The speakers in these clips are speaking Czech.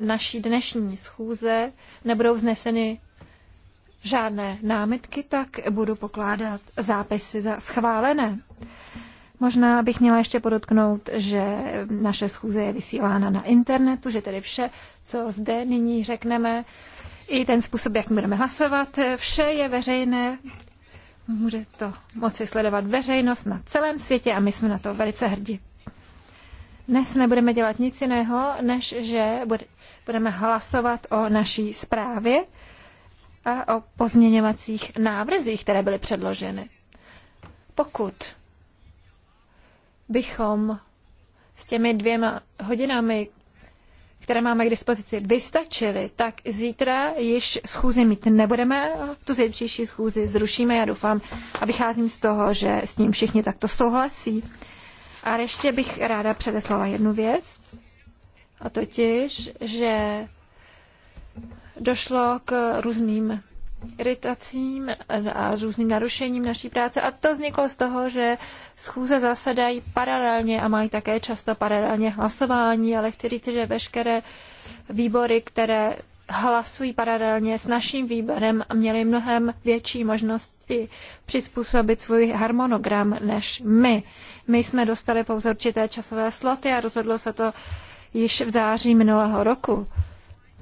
naší dnešní schůze nebudou vzneseny žádné námitky, tak budu pokládat zápisy za schválené. Možná bych měla ještě podotknout, že naše schůze je vysílána na internetu, že tedy vše, co zde nyní řekneme, i ten způsob, jak budeme hlasovat, vše je veřejné. Může to moci sledovat veřejnost na celém světě a my jsme na to velice hrdí. Dnes nebudeme dělat nic jiného, než že budeme hlasovat o naší zprávě a o pozměňovacích návrzích, které byly předloženy. Pokud bychom s těmi dvěma hodinami, které máme k dispozici, vystačili, tak zítra již schůzi mít nebudeme, tu zítřejší schůzi zrušíme. Já doufám a vycházím z toho, že s ním všichni takto souhlasí. A ještě bych ráda předeslala jednu věc. A totiž, že došlo k různým iritacím a různým narušením naší práce a to vzniklo z toho, že schůze zasedají paralelně a mají také často paralelně hlasování, ale chci říct, že veškeré výbory, které hlasují paralelně s naším výborem, měly mnohem větší možnosti přizpůsobit svůj harmonogram než my. My jsme dostali pouze určité časové sloty a rozhodlo se to již v září minulého roku,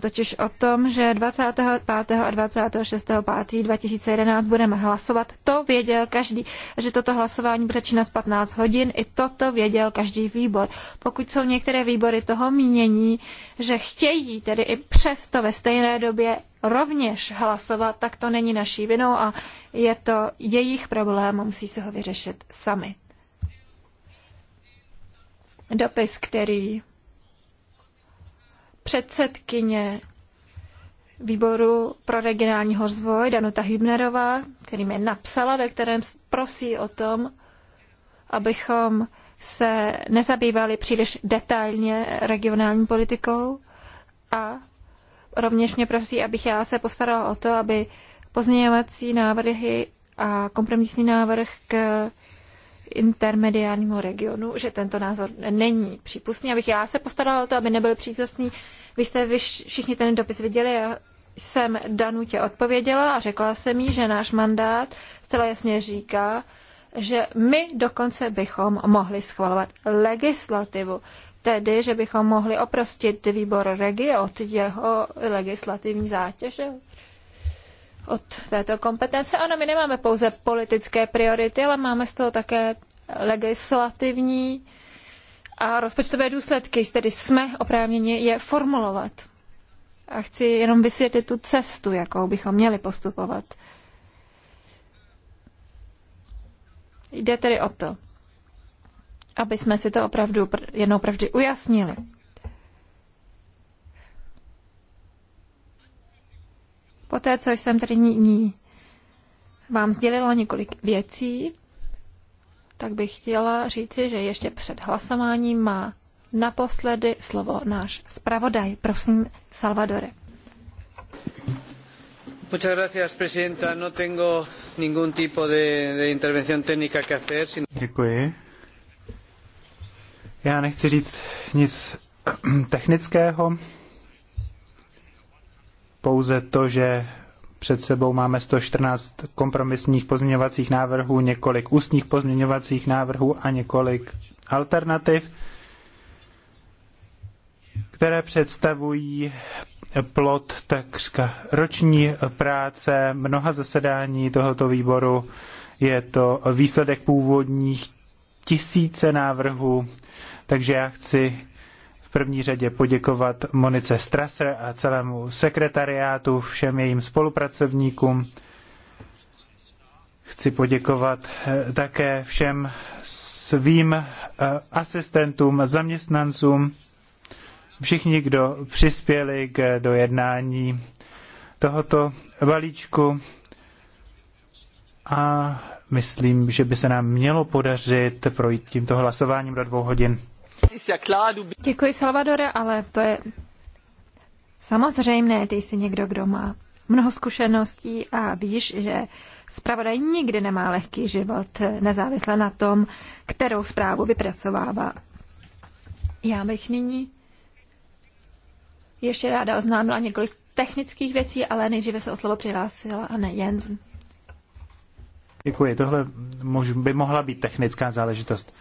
totiž o tom, že 25. a 26. 5. 2011 budeme hlasovat. To věděl každý, že toto hlasování bude činat 15 hodin, i toto věděl každý výbor. Pokud jsou některé výbory toho mínění, že chtějí tedy i přesto ve stejné době rovněž hlasovat, tak to není naší vinou a je to jejich problém a musí se ho vyřešit sami. Dopis, který předsedkyně výboru pro regionální rozvoj Danuta Hübnerová, který mi napsala, ve kterém prosí o tom, abychom se nezabývali příliš detailně regionální politikou a rovněž mě prosí, abych já se postarala o to, aby pozměňovací návrhy a kompromisní návrh k intermediálnímu regionu, že tento názor není přípustný. Abych já se postarala o to, aby nebyl přípustný. Vy jste vy všichni ten dopis viděli, já jsem Danutě odpověděla a řekla jsem jí, že náš mandát zcela jasně říká, že my dokonce bychom mohli schvalovat legislativu, tedy, že bychom mohli oprostit výbor regi od jeho legislativní zátěže, od této kompetence. Ano, my nemáme pouze politické priority, ale máme z toho také legislativní a rozpočtové důsledky, tedy jsme oprávněni je formulovat. A chci jenom vysvětlit tu cestu, jakou bychom měli postupovat. Jde tedy o to, aby jsme si to opravdu jednou pravdy ujasnili. Poté, co jsem tedy nyní vám sdělila několik věcí, tak bych chtěla říci, že ještě před hlasováním má naposledy slovo náš zpravodaj. Prosím, Salvadore. Muchas gracias, No tengo ningún tipo de, intervención técnica que hacer. Děkuji. Já nechci říct nic technického pouze to, že před sebou máme 114 kompromisních pozměňovacích návrhů, několik ústních pozměňovacích návrhů a několik alternativ, které představují plod takřka roční práce mnoha zasedání tohoto výboru. Je to výsledek původních tisíce návrhů, takže já chci první řadě poděkovat Monice Strasser a celému sekretariátu, všem jejím spolupracovníkům. Chci poděkovat eh, také všem svým eh, asistentům, zaměstnancům, všichni, kdo přispěli k dojednání tohoto balíčku. A myslím, že by se nám mělo podařit projít tímto hlasováním do dvou hodin. Děkuji, Salvadore, ale to je samozřejmé, ty jsi někdo, kdo má mnoho zkušeností a víš, že zpravodaj nikdy nemá lehký život, nezávisle na tom, kterou zprávu vypracovává. Já bych nyní ještě ráda oznámila několik technických věcí, ale nejdříve se o slovo přihlásila ne Jens. Děkuji. Tohle by mohla být technická záležitost.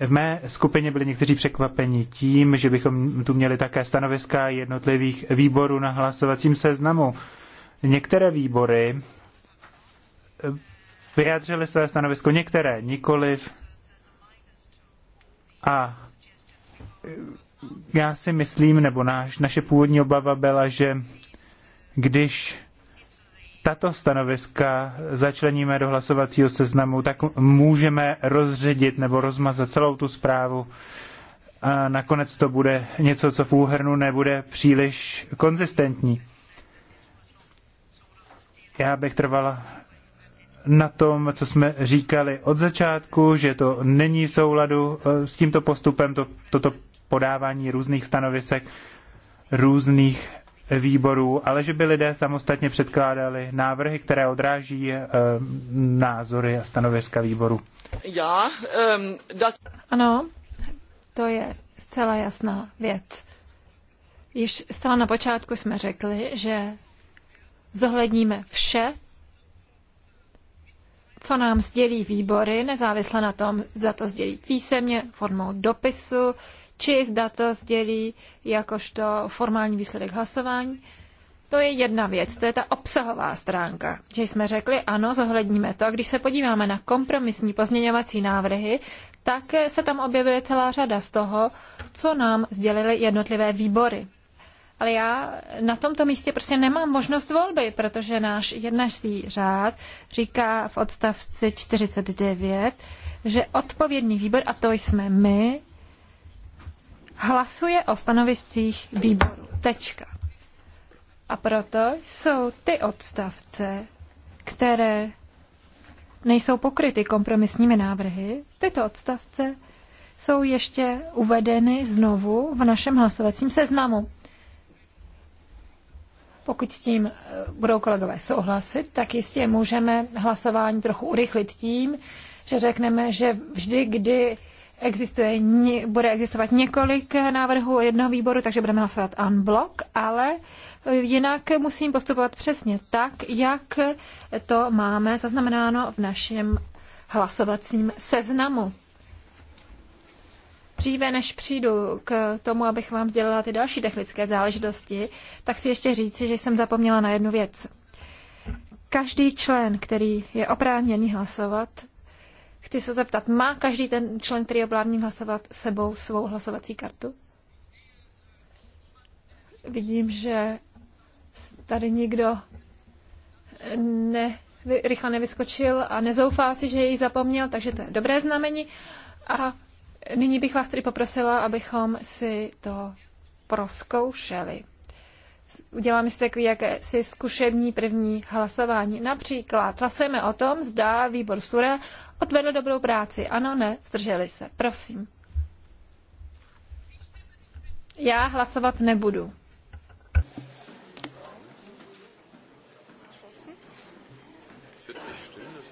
V mé skupině byli někteří překvapeni tím, že bychom tu měli také stanoviska jednotlivých výborů na hlasovacím seznamu. Některé výbory eh, vyjádřily své stanovisko, některé nikoliv. A eh, já si myslím, nebo naš, naše původní obava byla, že když tato stanoviska začleníme do hlasovacího seznamu, tak můžeme rozředit nebo rozmazat celou tu zprávu. A nakonec to bude něco, co v úhrnu nebude příliš konzistentní. Já bych trvala na tom, co jsme říkali od začátku, že to není v souladu e, s tímto postupem, to, toto podávání různých stanovisek, různých výborů, ale že by lidé samostatně předkládali návrhy, které odráží eh, názory a stanoviska výboru. Já, um, das... Ano, to je zcela jasná věc. Již zcela na počátku jsme řekli, že zohledníme vše, co nám sdělí výbory, nezávisle na tom, za to sdělí písemně, formou dopisu, či zda to sdělí jakožto formální výsledek hlasování. To je jedna věc, to je ta obsahová stránka, že jsme řekli, ano, zohledníme to. A když se podíváme na kompromisní pozměňovací návrhy, tak se tam objevuje celá řada z toho, co nám sdělili jednotlivé výbory. Ale já na tomto místě prostě nemám možnost volby, protože náš jednací řád říká v odstavci 49, že odpovědný výbor, a to jsme my, hlasuje o stanoviscích výboru. Tečka. A proto jsou ty odstavce, které nejsou pokryty kompromisními návrhy, tyto odstavce jsou ještě uvedeny znovu v našem hlasovacím seznamu. Pokud s tím eh, budou kolegové souhlasit, tak jistě můžeme hlasování trochu urychlit tím, že řekneme, že vždy, kdy Existuje, bude existovat několik návrhů jednoho výboru, takže budeme hlasovat unblock, ale jinak musím postupovat přesně tak, jak to máme zaznamenáno v našem hlasovacím seznamu. Dříve než přijdu k tomu, abych vám sdělila ty další technické záležitosti, tak si ještě říci, že jsem zapomněla na jednu věc. Každý člen, který je oprávněný hlasovat, Chci se zeptat, má každý ten člen, který je hlasovat sebou svou hlasovací kartu? Vidím, že tady nikdo ne, rychle nevyskočil a nezoufá si, že jej zapomněl, takže to je dobré znamení. A nyní bych vás tedy poprosila, abychom si to proskoušeli uděláme si takové jakési zkušební první hlasování. Například hlasujeme o tom, zda výbor Sura odvedl dobrou práci. Ano, ne, zdrželi se. Prosím. Já hlasovat nebudu.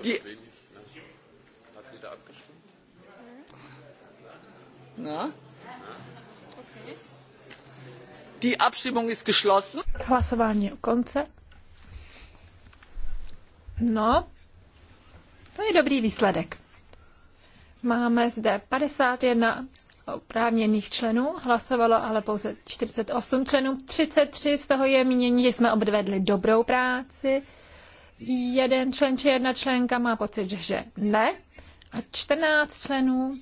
Je. Na? No? Die Abstimmung ist geschlossen. Hlasování u konce. No, to je dobrý výsledek. Máme zde 51 oprávněných členů, hlasovalo ale pouze 48 členů, 33 z toho je mínění, že jsme obdvedli dobrou práci, jeden člen či jedna členka má pocit, že ne, a 14 členů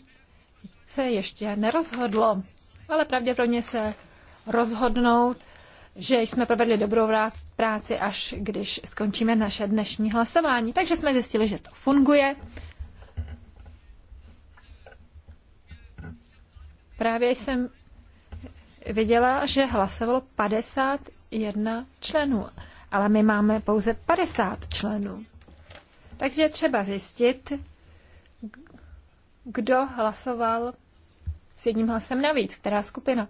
se ještě nerozhodlo, ale pravděpodobně se rozhodnout, že jsme provedli dobrou práci, až když skončíme naše dnešní hlasování. Takže jsme zjistili, že to funguje. Právě jsem viděla, že hlasovalo 51 členů, ale my máme pouze 50 členů. Takže třeba zjistit, kdo hlasoval s jedním hlasem navíc, která skupina.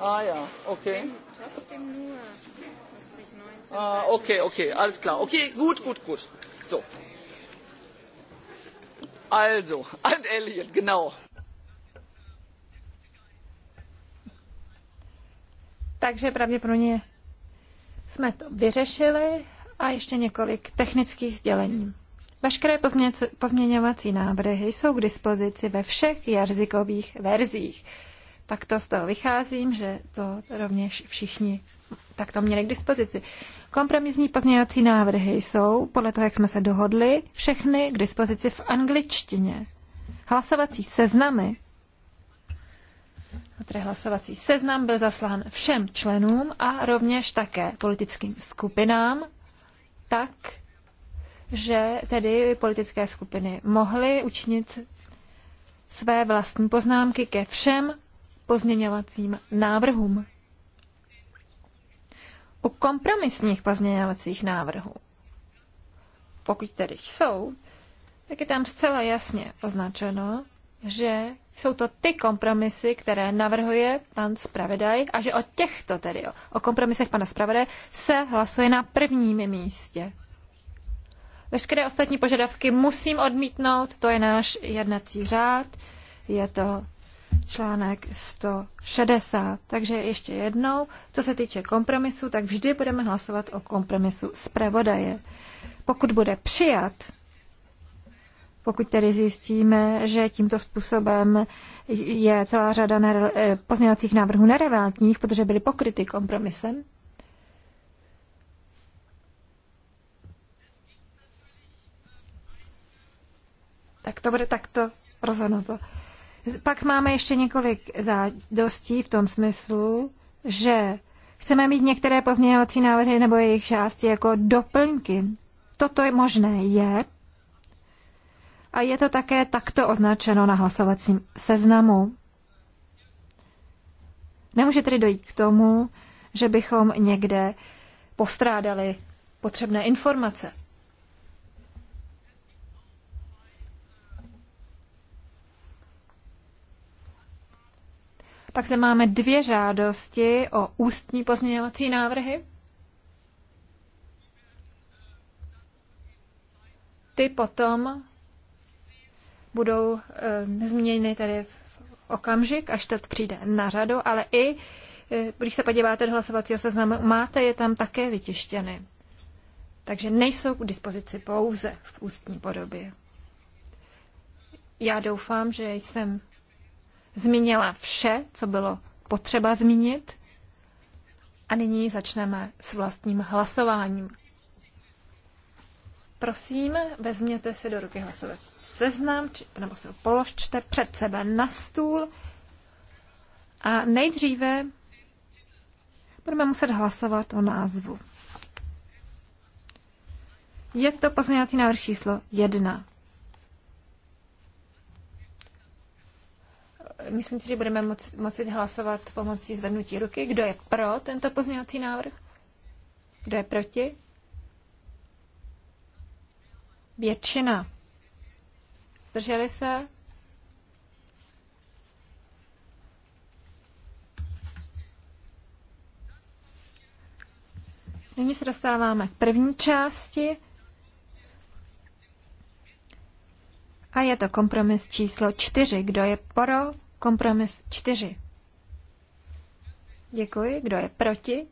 Ah ja, okay. Trotzdem nur, was ich 19. Ah, okay, okay, alles klar. Okay, gut, gut, gut. So. Also, Ant Elliot, genau. Takže pravděpodobně jsme to vyřešili a ještě několik technických sdělení. Veškeré pozměňovací návrhy jsou k dispozici ve všech jazykových verzích. Tak to z toho vycházím, že to rovněž všichni tak to měli k dispozici. Kompromisní pozměňovací návrhy jsou, podle toho, jak jsme se dohodli, všechny k dispozici v angličtině. Hlasovací seznamy tedy hlasovací seznam byl zaslán všem členům a rovněž také politickým skupinám, tak, že tedy politické skupiny mohly učinit své vlastní poznámky ke všem pozměňovacím návrhům. U kompromisních pozměňovacích návrhů, pokud tedy jsou, tak je tam zcela jasně označeno, že jsou to ty kompromisy, které navrhuje pan Spravedaj a že o těchto tedy, o kompromisech pana Spravedaj, se hlasuje na prvním místě. Veškeré ostatní požadavky musím odmítnout, to je náš jednací řád, je to článek 160. Takže ještě jednou, co se týče kompromisu, tak vždy budeme hlasovat o kompromisu zpravodaje. Pokud bude přijat, pokud tedy zjistíme, že tímto způsobem je celá řada eh, pozměňovacích návrhů nerelevantních, protože byly pokryty kompromisem, tak to bude takto rozhodnuto. Pak máme ještě několik zádostí v tom smyslu, že chceme mít některé pozměňovací návrhy nebo jejich části jako doplňky. Toto je možné je. A je to také takto označeno na hlasovacím seznamu. Nemůže tedy dojít k tomu, že bychom někde postrádali potřebné informace. Pak se máme dvě žádosti o ústní pozměňovací návrhy. Ty potom budou e, změněny tady v okamžik, až to přijde na řadu, ale i e, když se podíváte do hlasovacího seznamu, máte je tam také vytištěny. Takže nejsou k dispozici pouze v ústní podobě. Já doufám, že jsem zmínila vše, co bylo potřeba zmínit. A nyní začneme s vlastním hlasováním. Prosím, vezměte si do ruky hlasovací seznam, či, nebo si ho položte před sebe na stůl. A nejdříve budeme muset hlasovat o názvu. Je to pozměňovací návrh číslo 1. myslím si, že budeme moc, moci hlasovat pomocí zvednutí ruky. Kdo je pro tento pozměňovací návrh? Kdo je proti? Většina. Zdrželi se? Nyní se dostáváme k první části. A je to kompromis číslo čtyři. Kdo je pro? Kompromis 4. Děkuji. Kdo je proti?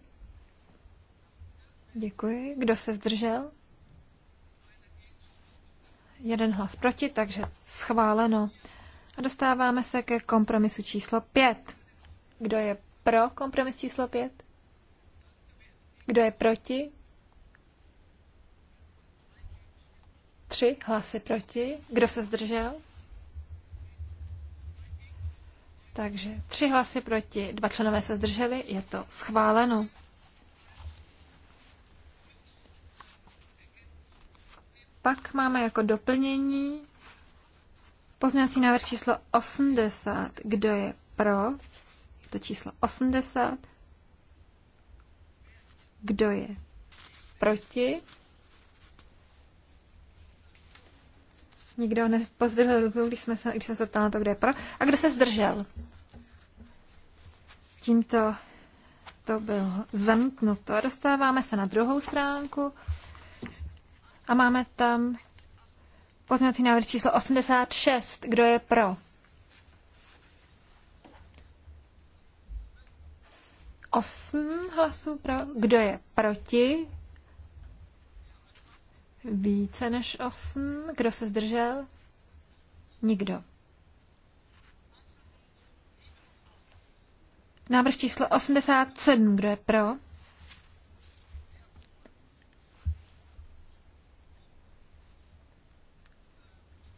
Děkuji. Kdo se zdržel? Jeden hlas proti, takže schváleno. A dostáváme se ke kompromisu číslo 5. Kdo je pro kompromis číslo 5? Kdo je proti? Tři hlasy proti. Kdo se zdržel? Takže tři hlasy proti, dva členové se zdrželi, je to schváleno. Pak máme jako doplnění pozměňovací návrh číslo 80. Kdo je pro? To číslo 80. Kdo je proti? Nikdo nepozvedl ruku, když, jsme se, když jsem se ptal na to, kdo je pro. A kdo se zdržel? Tímto to bylo zamítnuto. Dostáváme se na druhou stránku a máme tam pozměňovací návrh číslo 86. Kdo je pro? Osm hlasů pro. Kdo je proti? Více než osm. Kdo se zdržel? Nikdo. Návrh číslo 87, kdo je pro?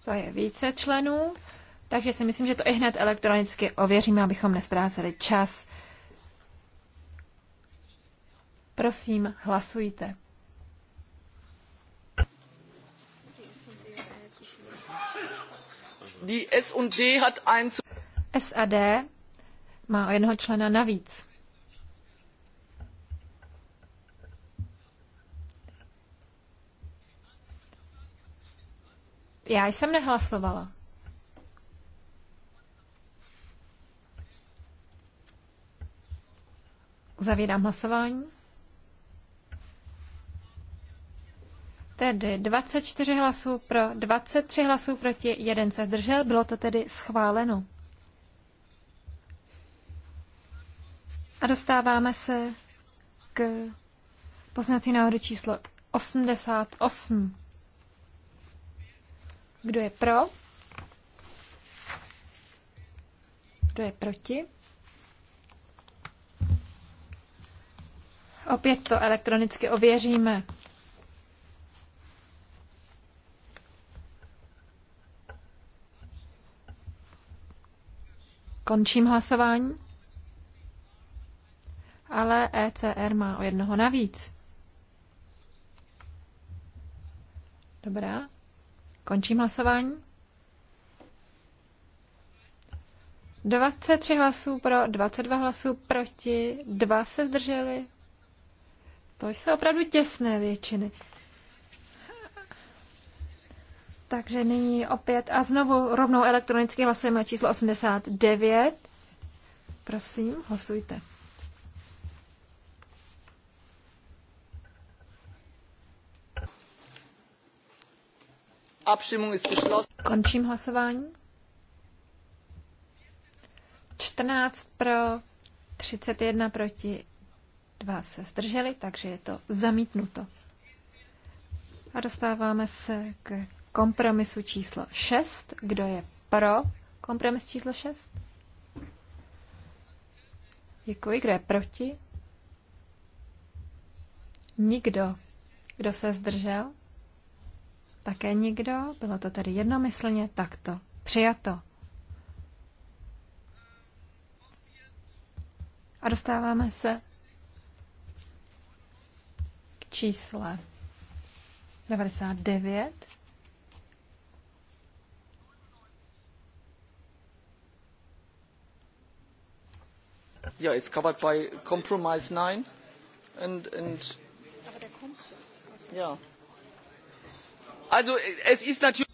To je více členů, takže si myslím, že to i hned elektronicky ověříme, abychom nestráceli čas. Prosím, hlasujte. Die S&D hat ein SAD má o jednoho člena navíc. Já jsem nehlasovala. Zavírám hlasování. Tedy 24 hlasů pro, 23 hlasů proti, jeden se zdržel, bylo to tedy schváleno. A dostáváme se k poznací náhodu číslo 88. Kdo je pro? Kdo je proti? Opět to elektronicky ověříme. Končím hlasování ale ECR má o jednoho navíc. Dobrá. Končím hlasování. 23 hlasů pro, 22 hlasů proti, 2 se zdrželi. To jsou opravdu těsné většiny. Takže nyní opět a znovu rovnou elektronicky hlasujeme číslo 89. Prosím, hlasujte. Končím hlasování. 14 pro, 31 proti, 2 se zdrželi, takže je to zamítnuto. A dostáváme se k kompromisu číslo 6. Kdo je pro kompromis číslo 6? Děkuji. Kdo je proti? Nikdo. Kdo se zdržel? Také nikdo? Bylo to tedy jednomyslně takto. Přijato. A dostáváme se k čísle 99. Yeah, it's covered by compromise nine. and and yeah. Also es ist natürlich.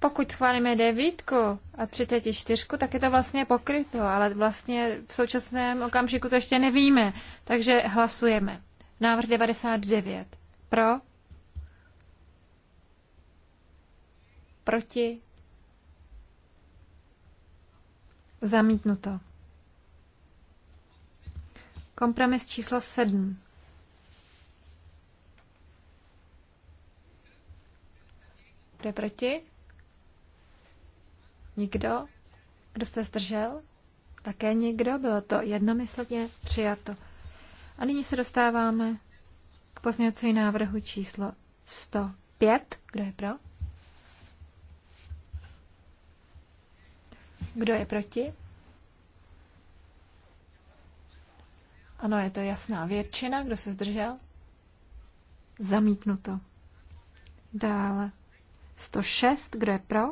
Pokud schválíme devítku a 34, tak je to vlastně pokryto, ale vlastně v současném okamžiku to ještě nevíme. Takže hlasujeme. Návrh 99. Pro? Proti? Zamítnuto. Kompromis číslo 7. Kdo je proti? Nikdo? Kdo se zdržel? Také nikdo? Bylo to jednomyslně přijato. A nyní se dostáváme k pozměňovacímu návrhu číslo 105. Kdo je pro? Kdo je proti? Ano, je to jasná většina. Kdo se zdržel? Zamítnuto. Dále. 106. Kdo je pro?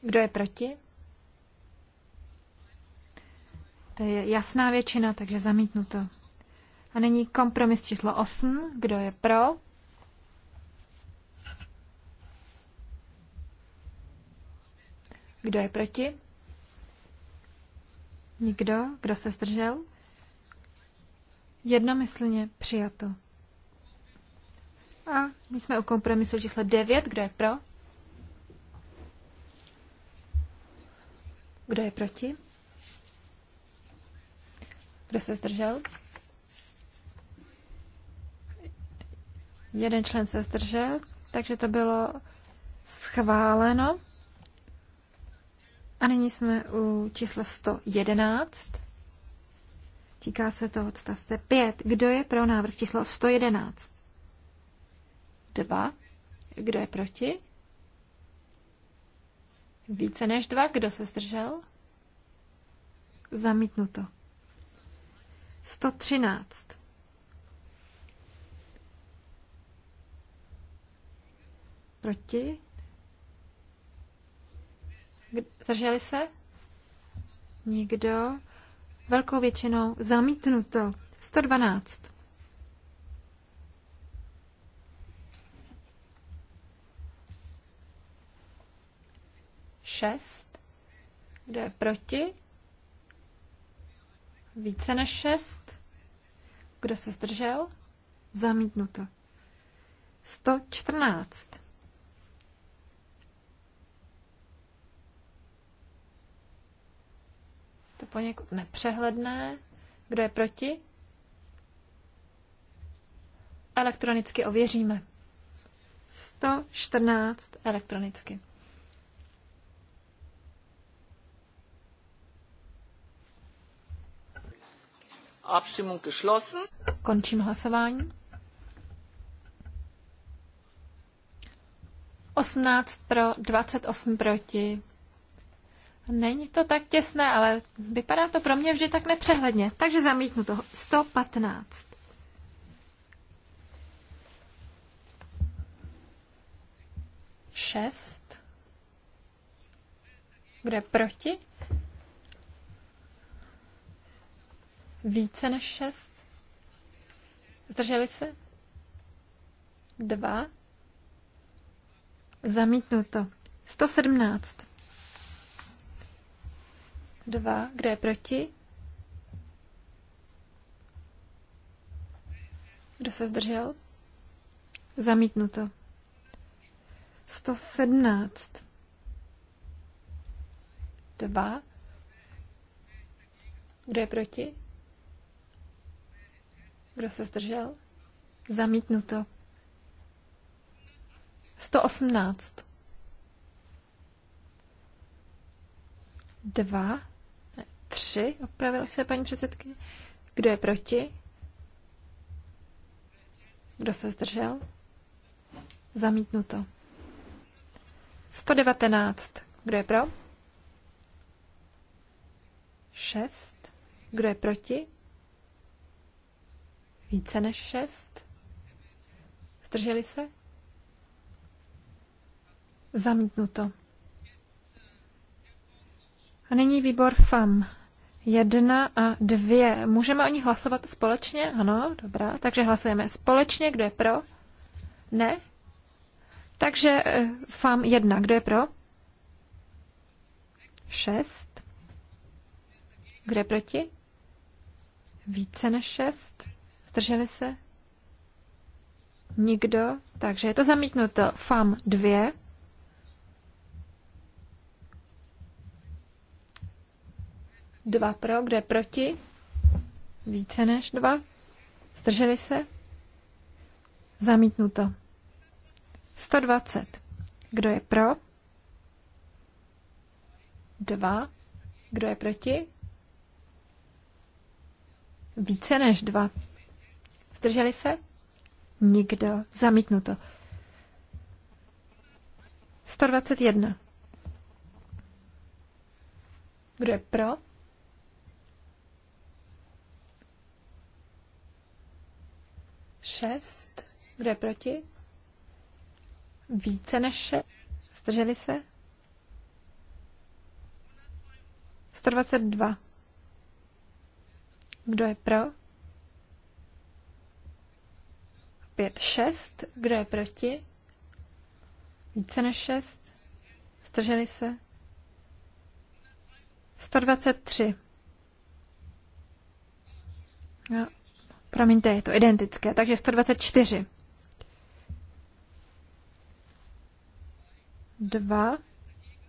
Kdo je proti? To je jasná většina, takže zamítnuto. A nyní kompromis číslo 8. Kdo je pro? Kdo je proti? Nikdo? Kdo se zdržel? Jednomyslně přijato. A my jsme u kompromisu číslo 9. Kdo je pro? Kdo je proti? Kdo se zdržel? Jeden člen se zdržel, takže to bylo schváleno. A nyní jsme u čísla 111. Týká se to odstavce 5. Kdo je pro návrh číslo 111? 2. Kdo je proti? Více než dva. Kdo se zdržel? Zamítnuto. 113. Proti? Zdrželi se? Nikdo. Velkou většinou zamítnuto. 112. Šest. Kdo je proti? Více než šest. Kdo se zdržel? Zamítnuto. 114. to poněkud nepřehledné. Kdo je proti? Elektronicky ověříme. 114 elektronicky. Abstimmung geschlossen. Končím hlasování. 18 pro, 28 proti. Není to tak těsné, ale vypadá to pro mě vždy tak nepřehledně. Takže zamítnu to. 115. Šest. Kde proti? Více než šest. Zdrželi se? Dva. Zamítnu to. 117. 2. Kdo je proti? Kdo se zdržel? Zamítnuto. 117. 2. Kdo je proti? Kdo se zdržel? Zamítnuto. 118. 2. 3, opravila se paní předsedkyně. Kdo je proti? Kdo se zdržel? Zamítnuto. 119. Kdo je pro? 6. Kdo je proti? Více než 6. Zdrželi se? Zamítnuto. A nyní výbor FAM. Jedna a dvě. Můžeme o nich hlasovat společně? Ano, dobrá. Takže hlasujeme společně. Kdo je pro? Ne? Takže eh, fám jedna. Kdo je pro? Šest. Kdo je proti? Více než šest. Zdrželi se? Nikdo. Takže je to zamítnuto. fám dvě. Dva pro, kde proti? Více než dva. Zdrželi se? Zamítnuto. 120. Kdo je pro? Dva. Kdo je proti? Více než dva. Zdrželi se? Nikdo. Zamítnuto. 121. Kdo je pro? 6. Kdo je proti? Více než 6. Zdrželi se? 122. Kdo je pro? 5, 6. Kdo je proti? Více než 6. Zdrželi se? 123. No, Promiňte, je to identické. Takže 124. 2.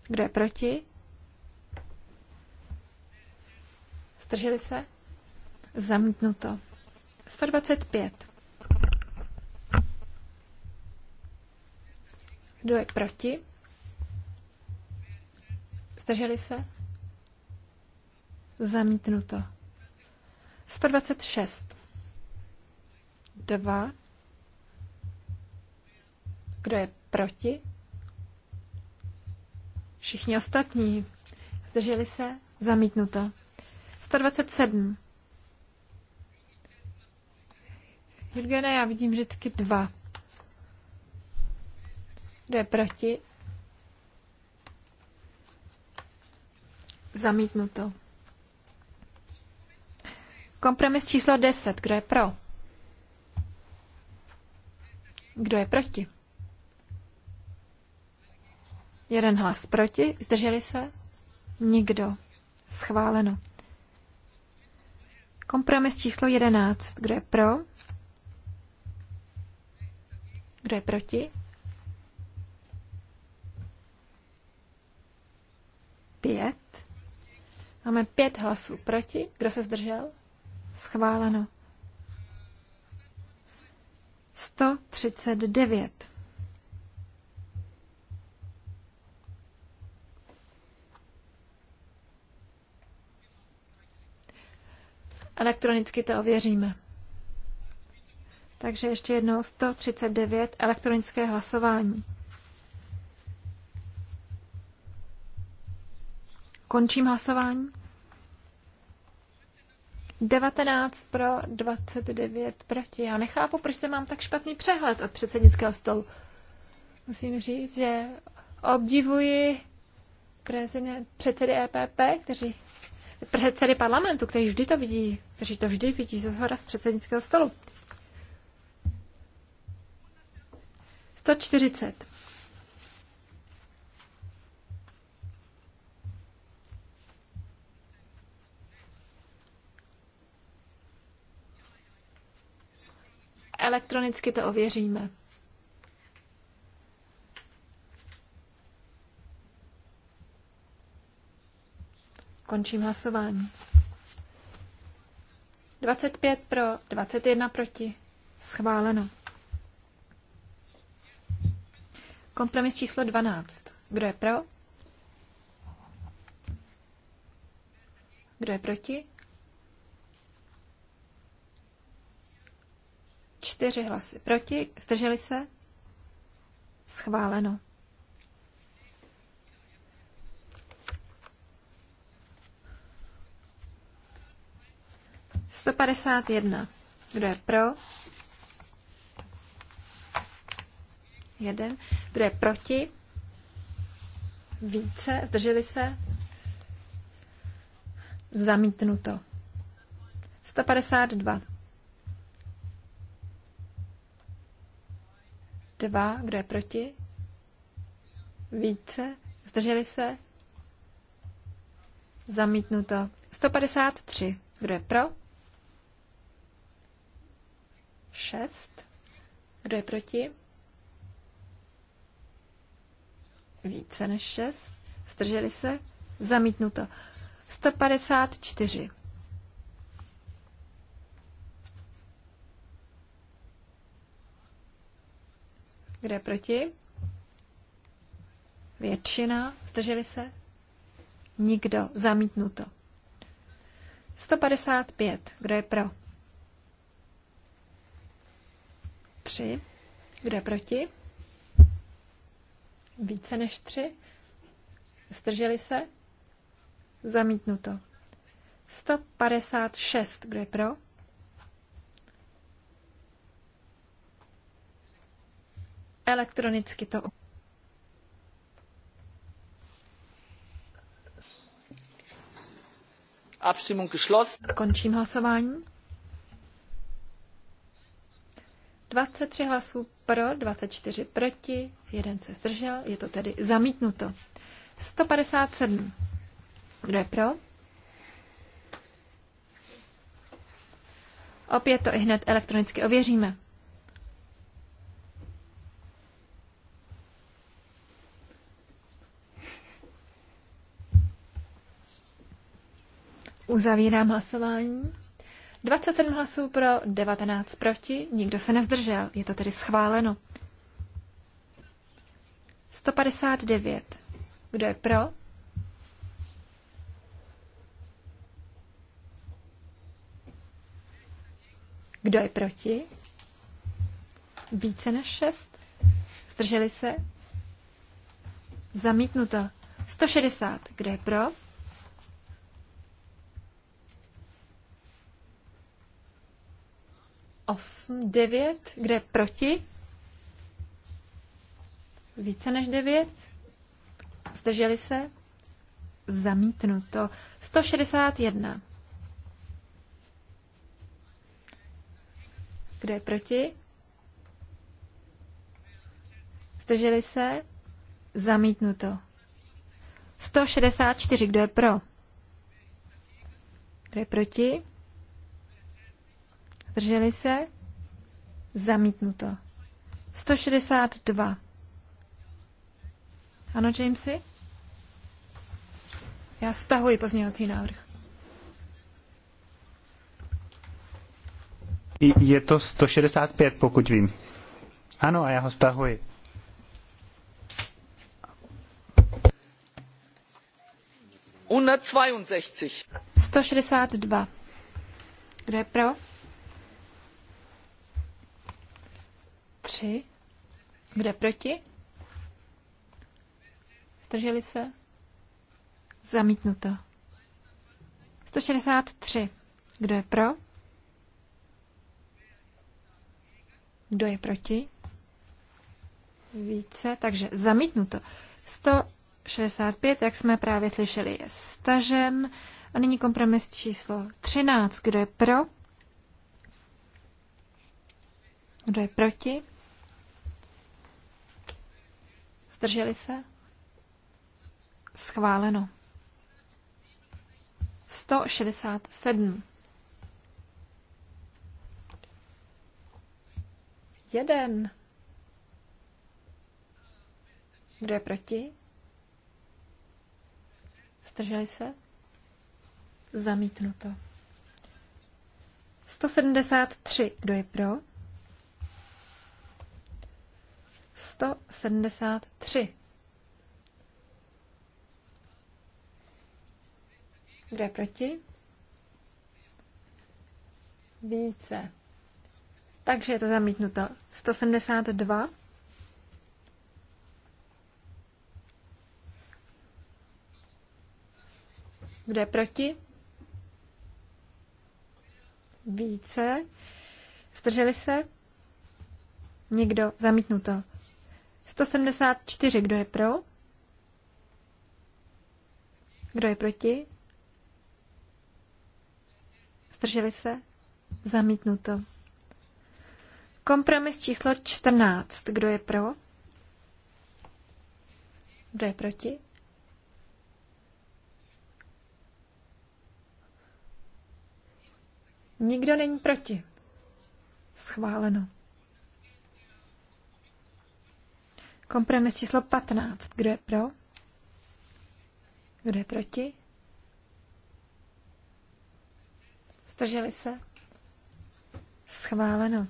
Kdo je proti? Zdrželi se? Zamítnuto. 125. Kdo je proti? Zdrželi se? Zamítnuto. 126. 2. Kdo je proti? Všichni ostatní. Zdrželi se? Zamítnuto. 127. Jurgena, já vidím vždycky dva. Kdo je proti? Zamítnuto. Kompromis číslo 10. Kdo je pro? Kdo je proti? Jeden hlas proti. Zdrželi se? Nikdo. Schváleno. Kompromis číslo 11. Kdo je pro? Kdo je proti? Pět. Máme pět hlasů proti. Kdo se zdržel? Schváleno. 139. Elektronicky to ověříme. Takže ještě jednou 139 elektronické hlasování. Končím hlasování. 19 pro, 29 proti. Já nechápu, proč se mám tak špatný přehled od předsednického stolu. Musím říct, že obdivuji prezident, předsedy EPP, kteří předsedy parlamentu, kteří vždy to vidí, kteří to vždy vidí ze zhora z předsednického stolu. 140 Elektronicky to ověříme. Končím hlasování. 25 pro, 21 proti. Schváleno. Kompromis číslo 12. Kdo je pro? Kdo je proti? čtyři hlasy proti, zdrželi se, schváleno. Sto padesát jedna. Kdo je pro? Jeden. Kdo je proti? Více. Zdrželi se? Zamítnuto. 152. Dva, kdo je proti? Více? Zdrželi se? Zamítnuto. 153. Kdo je pro? 6. Kdo je proti? Více než 6. Zdrželi se? Zamítnuto. 154. Kdo je proti? Většina. Zdrželi se? Nikdo. Zamítnuto. 155. Kdo je pro? 3. Kdo je proti? Více než 3. Zdrželi se? Zamítnuto. 156. Kdo je pro? Elektronicky to. Abstimmung geschlossen. Končím hlasování. 23 hlasů pro, 24 proti, jeden se zdržel, je to tedy zamítnuto. 157. Kdo je pro? Opět to i hned elektronicky ověříme. Uzavírám hlasování. 27 hlasů pro, 19 proti, nikdo se nezdržel. Je to tedy schváleno. 159. Kdo je pro? Kdo je proti? Více než 6. Zdrželi se? Zamítnuto. 160. Kdo je pro? 8, 9, kde je proti? Více než 9? Zdrželi se? Zamítnu to. 161. Kde je proti? Zdrželi se? Zamítnu to. 164. Kdo je pro? Kdo je proti? Zdrželi se? Zamítnuto. 162. Ano, Jamesy? Já stahuji pozměňovací návrh. Je to 165, pokud vím. Ano, a já ho stahuji. Una 162. 162. Kdo je pro? 3. Kde proti? Zdrželi se? Zamítnuto. 163. Kdo je pro? Kdo je proti? Více, takže zamítnuto. 165, jak jsme právě slyšeli, je stažen. A nyní kompromis číslo 13. Kdo je pro? Kdo je proti? Zdrželi se? Schváleno. 167. Jeden. Kdo je proti? Zdrželi se? Zamítnuto. 173. Kdo je pro? 173. Kdo je proti? Více. Takže je to zamítnuto. 172. Kdo je proti? Více. Zdrželi se? Nikdo. Zamítnuto. 174, kdo je pro? Kdo je proti? Zdrželi se? Zamítnuto. Kompromis číslo 14. Kdo je pro? Kdo je proti? Nikdo není proti. Schváleno. Kompromis číslo 15. Kdo je pro? Kdo je proti? Zdrželi se? Schváleno.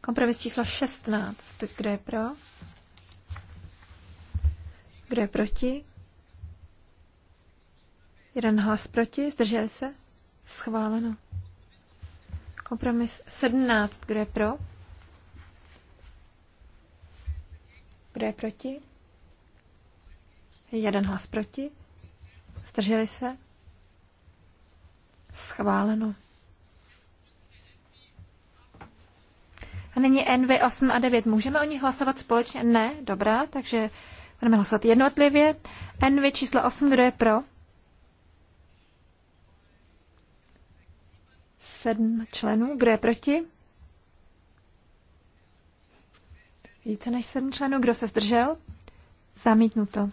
Kompromis číslo 16. Kdo je pro? Kdo je proti? Jeden hlas proti. Zdrželi se? Schváleno. Kompromis 17. Kdo je pro? Kdo je proti? Jeden hlas proti. Zdrželi se? Schváleno. A nyní NV 8 a 9. Můžeme o nich hlasovat společně? Ne, dobrá, takže budeme hlasovat jednotlivě. NV číslo 8, kdo je pro? Sedm členů, kdo je proti? Více než sedm členů. Kdo se zdržel? Zamítnuto.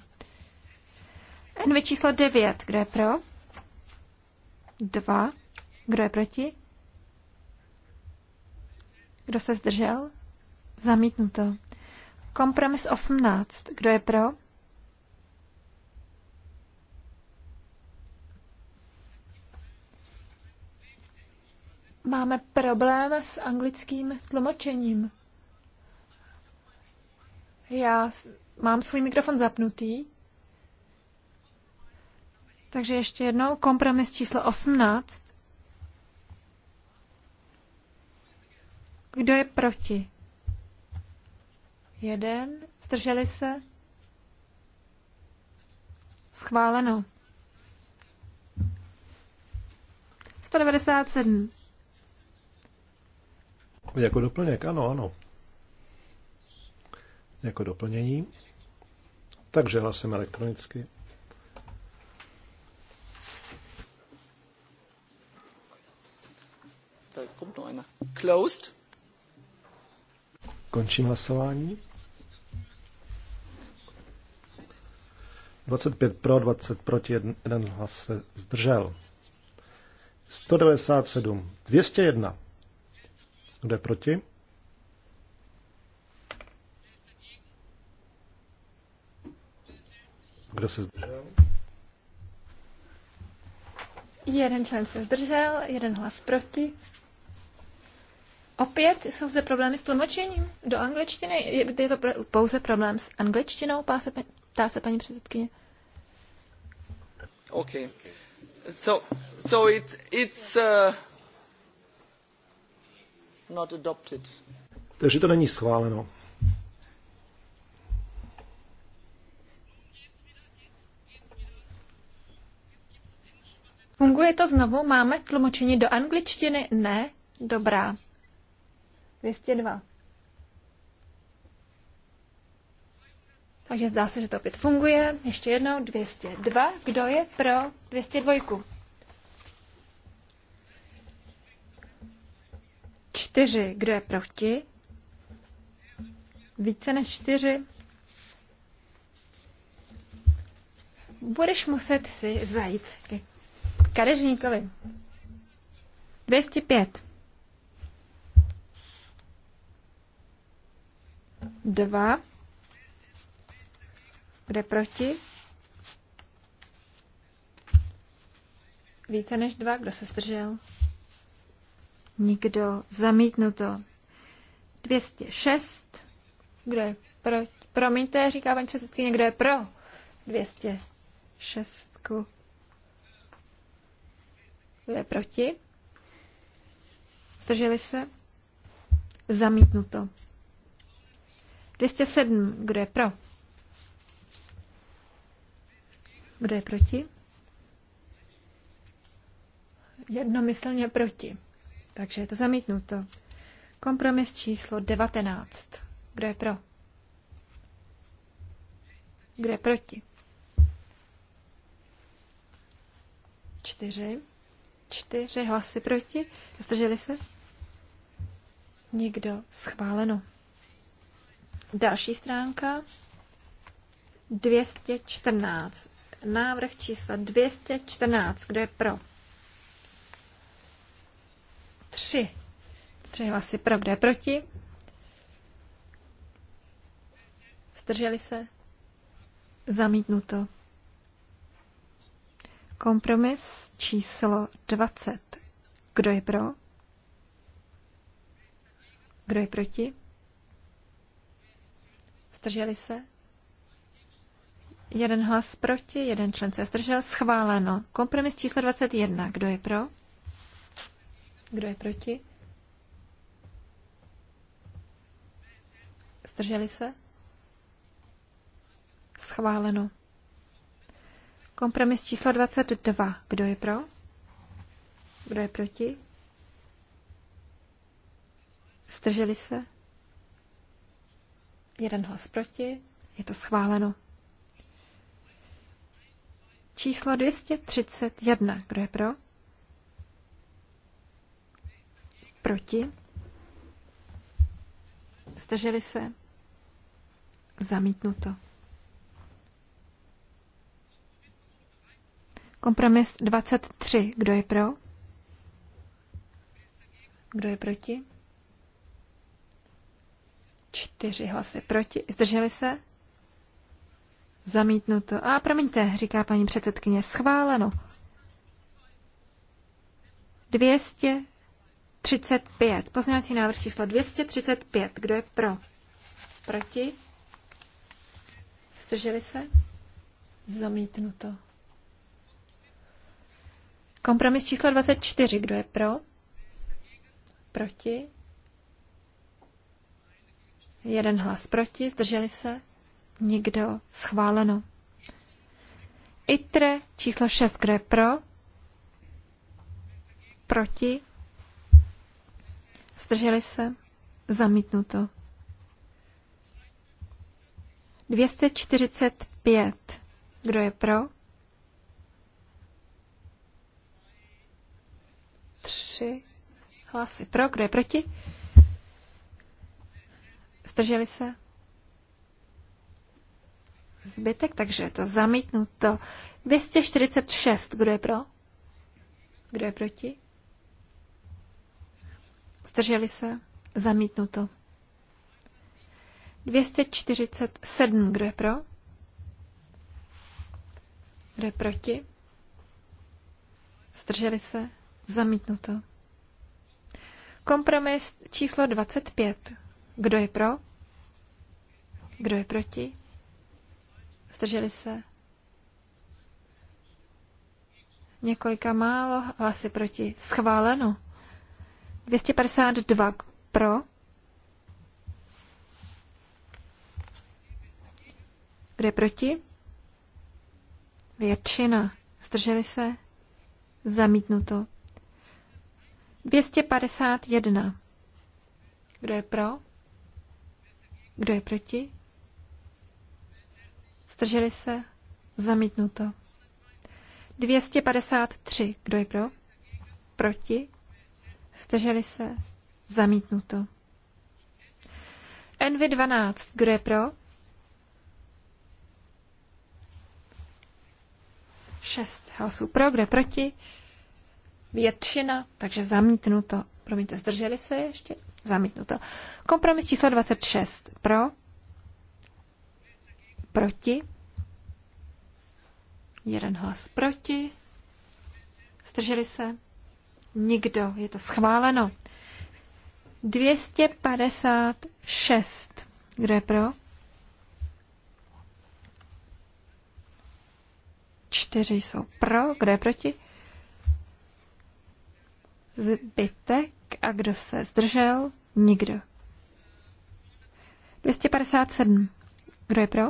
Envy číslo 9. Kdo je pro? dva, Kdo je proti? Kdo se zdržel? Zamítnuto. Kompromis 18. Kdo je pro? Máme problém s anglickým tlumočením. Já mám svůj mikrofon zapnutý. Takže ještě jednou kompromis číslo 18. Kdo je proti? Jeden. Zdrželi se? Schváleno. 197. Jako doplněk, ano, ano jako doplnění. Takže hlasujeme elektronicky. Closed. Končím hlasování. 25 pro, 20 proti, jeden hlas se zdržel. 197, 201. Kdo je proti? Kdo se zdržel? Jeden člen se zdržel, jeden hlas proti. Opět jsou zde problémy s tlumočením do angličtiny. Je to pouze problém s angličtinou, ptá se, ptá se paní předsedkyně. OK. So, so it, it's uh, not adopted. Takže to není schváleno. Funguje to znovu? Máme tlumočení do angličtiny? Ne? Dobrá. 202. Takže zdá se, že to opět funguje. Ještě jednou 202. Kdo je pro 202? 4. Kdo je proti? Více než 4. Budeš muset si zajít ke Kadeřníkovi. 205. 2. Bude proti? Více než dva. Kdo se zdržel? Nikdo. Zamítnuto. 206. Kdo je pro? Promiňte, říká paní předsedkyně, kdo je pro? 206. Kdo je proti? Zdrželi se? Zamítnuto. 207. Kdo je pro? Kdo je proti? Jednomyslně proti. Takže je to zamítnuto. Kompromis číslo 19. Kdo je pro? Kdo je proti? 4 čtyři hlasy proti. Zdrželi se? Nikdo. Schváleno. Další stránka. 214. Návrh číslo 214. Kdo je pro? Tři. Tři hlasy pro. Kdo je proti? Zdrželi se? Zamítnuto. Kompromis číslo 20. Kdo je pro? Kdo je proti? Zdrželi se? Jeden hlas proti, jeden člen se zdržel. Schváleno. Kompromis číslo 21. Kdo je pro? Kdo je proti? Zdrželi se? Schváleno. Kompromis číslo 22. Kdo je pro? Kdo je proti? Zdrželi se? Jeden hlas proti. Je to schváleno. Číslo 231. Kdo je pro? Proti? Zdrželi se? Zamítnuto. Kompromis 23. Kdo je pro? Kdo je proti? Čtyři hlasy proti. Zdrželi se? Zamítnuto. A promiňte, říká paní předsedkyně, schváleno. 235. Poznávací návrh číslo 235. Kdo je pro? Proti? Zdrželi se? Zamítnuto. Kompromis číslo 24. Kdo je pro? Proti? Jeden hlas proti. Zdrželi se? Nikdo. Schváleno. ITRE číslo 6. Kdo je pro? Proti? Zdrželi se? Zamítnuto. 245. Kdo je pro? 3 hlasy pro. Kdo je proti? Zdrželi se? Zbytek, takže je to zamítnuto. 246. Kdo je pro? Kdo je proti? Zdrželi se? Zamítnuto. 247. Kdo je pro? Kdo je proti? Zdrželi se? Zamítnuto. Kompromis číslo 25. Kdo je pro? Kdo je proti? Zdrželi se? Několika málo hlasy proti. Schváleno. 252 pro. Kde proti? Většina. Zdrželi se? Zamítnuto. 251. Kdo je pro? Kdo je proti? Zdrželi se? Zamítnuto. 253. Kdo je pro? Proti? Zdrželi se? Zamítnuto. NV12. Kdo je pro? 6 hlasů pro, kdo je proti? většina, takže zamítnuto. Promiňte, zdrželi se ještě? Zamítnuto. Kompromis číslo 26. Pro? Proti? Jeden hlas proti. Zdrželi se? Nikdo. Je to schváleno. 256. Kdo je pro? Čtyři jsou pro. Kdo je proti? zbytek a kdo se zdržel? Nikdo. 257. Kdo je pro?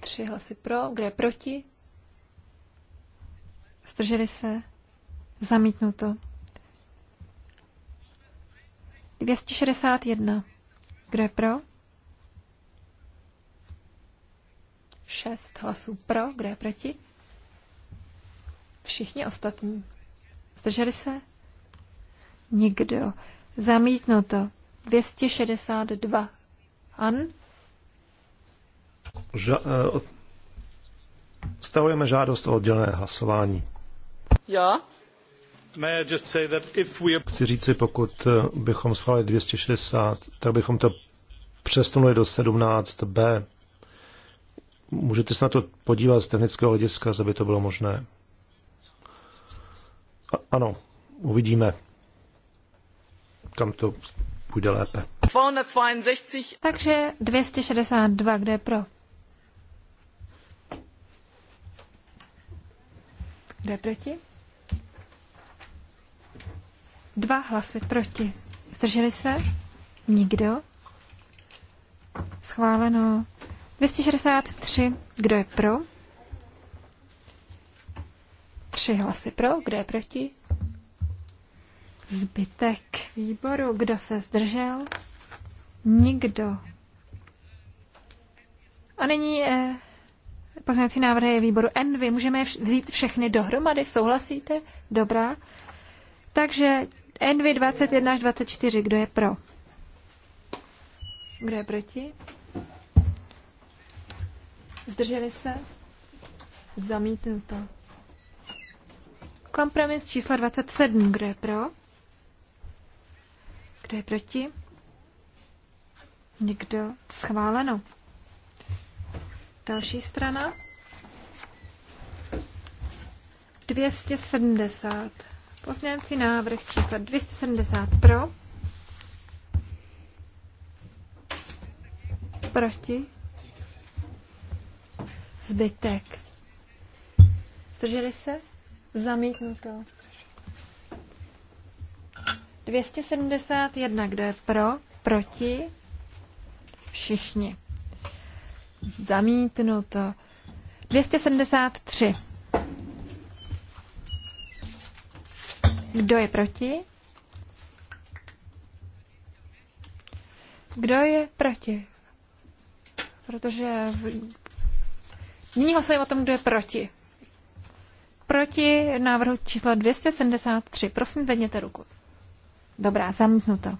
Tři hlasy pro. Kdo je proti? Zdrželi se? Zamítnuto. 261. Kdo je pro? Šest hlasů pro. Kdo je proti? Všichni ostatní. Zdrželi se? Nikdo. to. 262. An? Ža- eh, stavujeme žádost o oddělené hlasování. Já? Chci říci, pokud eh, bychom schválili 260, tak bychom to přesunuli do 17b. Můžete se na to podívat z technického hlediska, aby to bylo možné. Ano, uvidíme, kam to půjde lépe. 262. Takže 262, kde je pro? Kdo je proti? Dva hlasy proti. Zdrželi se? Nikdo. Schváleno. 263. Kdo je pro? Tři hlasy pro, kdo je proti? Zbytek výboru, kdo se zdržel? Nikdo. A nyní eh, pozměňovací návrhy výboru Envy. Můžeme vzít všechny dohromady, souhlasíte? Dobrá. Takže Envy 21 až 24, kdo je pro? Kdo je proti? Zdrželi se? Zamítnuto. Kompromis číslo 27. Kdo je pro? Kdo je proti? Nikdo. Schváleno. Další strana. 270. Pozměňovací návrh číslo 270 pro. Proti. Zbytek. Zdrželi se? Zamítnuto. 271, kdo je pro, proti, všichni. Zamítnuto. 273. Kdo je proti? Kdo je proti? Protože v... nyní hlasujeme o tom, kdo je proti proti návrhu číslo 273. Prosím, zvedněte ruku. Dobrá, zamítnuto.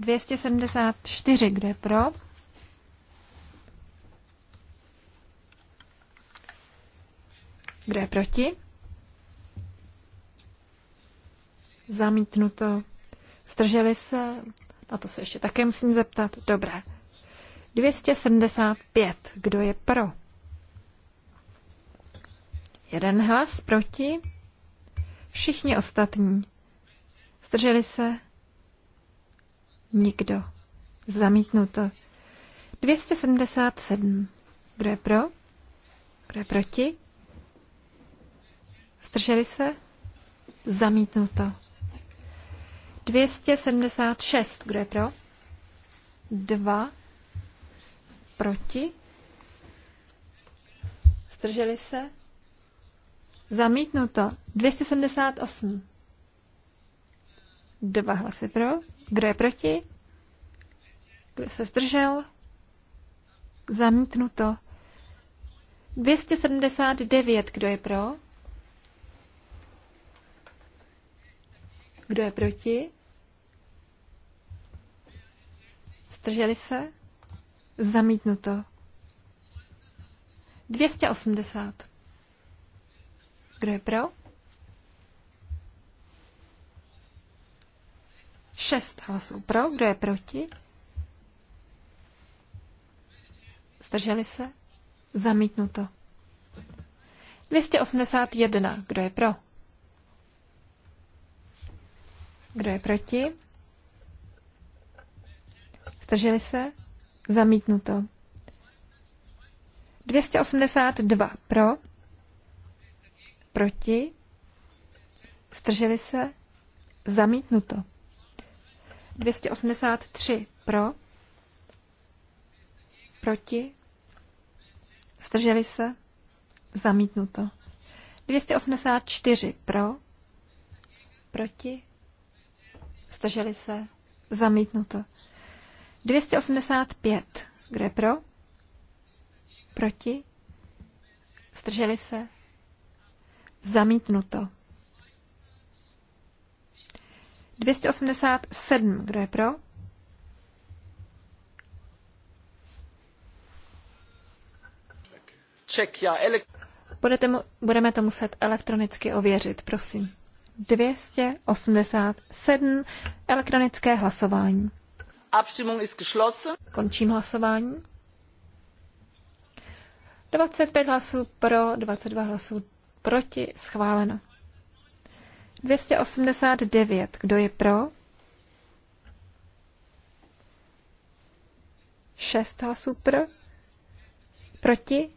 274, kdo je pro? Kdo je proti? Zamítnuto. Strželi se? Na to se ještě také musím zeptat. Dobré. 275, kdo je pro? Jeden hlas proti. Všichni ostatní. Zdrželi se? Nikdo. Zamítnuto. 277. Kdo je pro? Kdo je proti? Zdrželi se? Zamítnuto. 276. Kdo je pro? Dva. Proti? Zdrželi se? Zamítnuto. 278. Dva hlasy pro. Kdo je proti? Kdo se zdržel? Zamítnuto. 279. Kdo je pro? Kdo je proti? Zdrželi se? Zamítnuto. 280. Kdo je pro? Šest hlasů pro. Kdo je proti? Zdrželi se? Zamítnuto. 281. Kdo je pro? Kdo je proti? Zdrželi se? Zamítnuto. 282 pro. Proti? Zdrželi se? Zamítnuto. 283 pro? Proti? Zdrželi se? Zamítnuto. 284 pro? Proti? Zdrželi se? Zamítnuto. 285. Kde pro? Proti? Zdrželi se? Zamítnuto. 287. Kdo je pro? Ček, ja elek... Budete mu, budeme to muset elektronicky ověřit, prosím. 287 elektronické hlasování. Abstimmung ist geschlossen. Končím hlasování. 25 hlasů pro, 22 hlasů Proti? Schváleno. 289. Kdo je pro? 6 hlasů pro. Proti?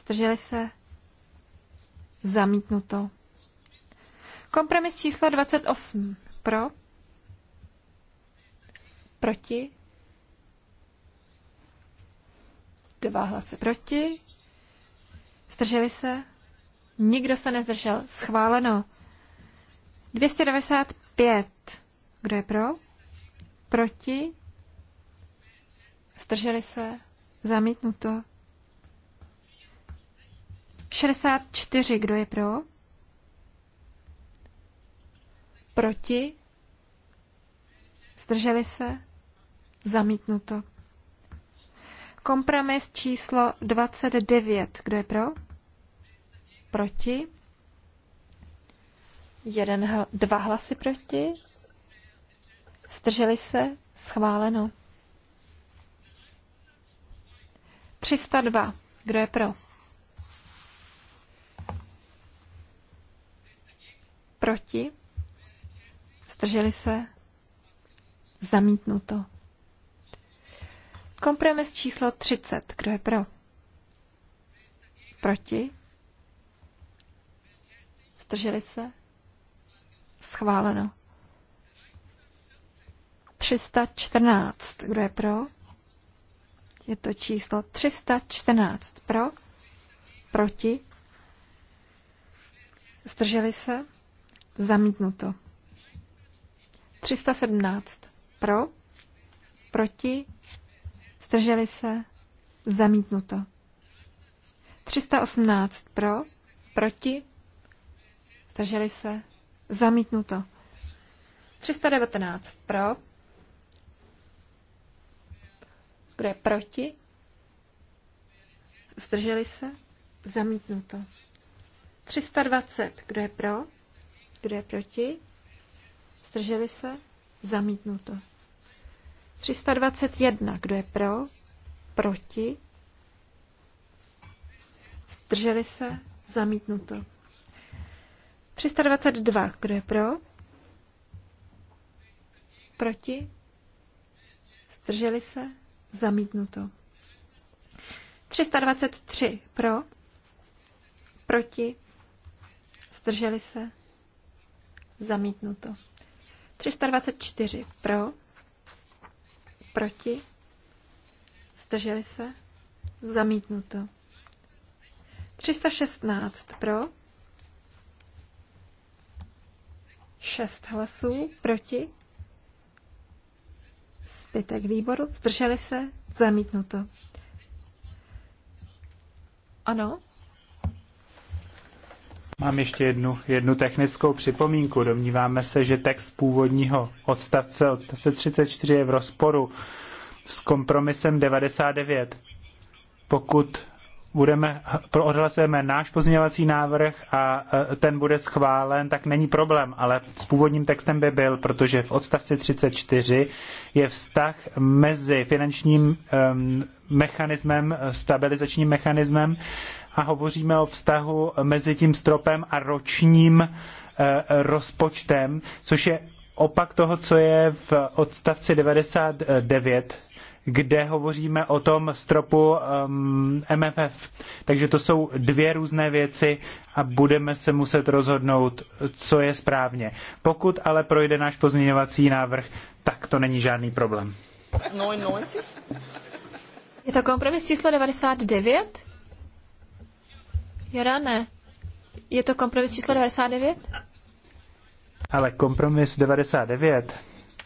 Zdrželi se? Zamítnuto. Kompromis číslo 28. Pro? Proti? Dva hlasy proti. Zdrželi se? Nikdo se nezdržel. Schváleno. 295. Kdo je pro? Proti? Zdrželi se? Zamítnuto. 64. Kdo je pro? Proti? Zdrželi se? Zamítnuto. Kompromis číslo 29. Kdo je pro? Proti? Jeden, dva hlasy proti? Zdrželi se? Schváleno. 302. Kdo je pro? Proti? Zdrželi se? Zamítnuto. Kompromis číslo 30. Kdo je pro? Proti? Zdrželi se? Schváleno. 314. Kdo je pro? Je to číslo 314. Pro? Proti? Zdrželi se? Zamítnuto. 317. Pro? Proti? Zdrželi se? Zamítnuto. 318 pro, proti, zdrželi se, zamítnuto. 319 pro, kdo je proti, zdrželi se, zamítnuto. 320, kdo je pro, kdo je proti, zdrželi se, zamítnuto. 321. Kdo je pro? Proti? Zdrželi se? Zamítnuto. 322. Kdo je pro? Proti? Zdrželi se? Zamítnuto. 323. Pro? Proti? Zdrželi se? Zamítnuto. 324. Pro? Proti? Zdrželi se? Zamítnuto. 316 pro. 6 hlasů proti. Zbytek výboru. Zdrželi se? Zamítnuto. Ano. Mám ještě jednu, jednu technickou připomínku. Domníváme se, že text původního odstavce, odstavce 34, je v rozporu s kompromisem 99. Pokud budeme, odhlasujeme náš pozměňovací návrh a e, ten bude schválen, tak není problém, ale s původním textem by byl, protože v odstavci 34 je vztah mezi finančním um, mechanismem, stabilizačním mechanismem a hovoříme o vztahu mezi tím stropem a ročním eh, rozpočtem, což je opak toho, co je v odstavci 99, kde hovoříme o tom stropu MFF. Ehm, Takže to jsou dvě různé věci a budeme se muset rozhodnout, co je správně. Pokud ale projde náš pozměňovací návrh, tak to není žádný problém. Je to kompromis číslo 99? ne. je to kompromis číslo 99? Ale kompromis 99,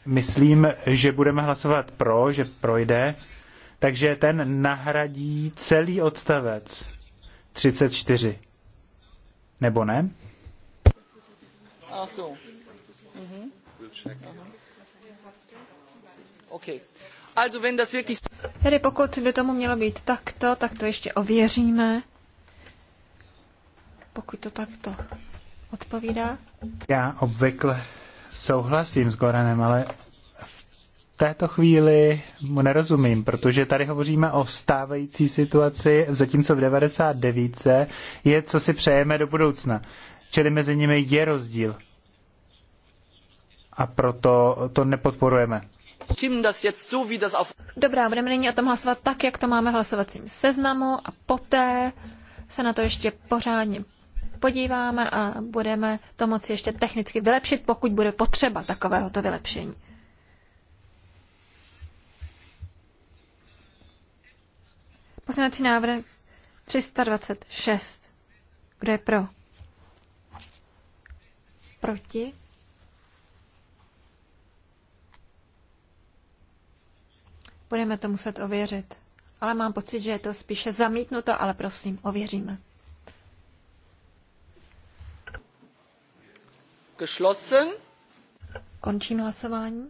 myslím, že budeme hlasovat pro, že projde, takže ten nahradí celý odstavec 34. Nebo ne? Tedy pokud by tomu mělo být takto, tak to ještě ověříme pokud to takto, odpovídá. Já obvykle souhlasím s Goranem, ale v této chvíli mu nerozumím, protože tady hovoříme o stávající situaci, zatímco v 99. je, co si přejeme do budoucna. Čili mezi nimi je rozdíl. A proto to nepodporujeme. Dobrá, budeme nyní o tom hlasovat tak, jak to máme v hlasovacím seznamu a poté se na to ještě pořádně podíváme a budeme to moci ještě technicky vylepšit, pokud bude potřeba takovéhoto vylepšení. Poslanecí návrh 326. Kdo je pro? Proti? Budeme to muset ověřit. Ale mám pocit, že je to spíše zamítnuto, ale prosím, ověříme. Geschlossen. Končím hlasování.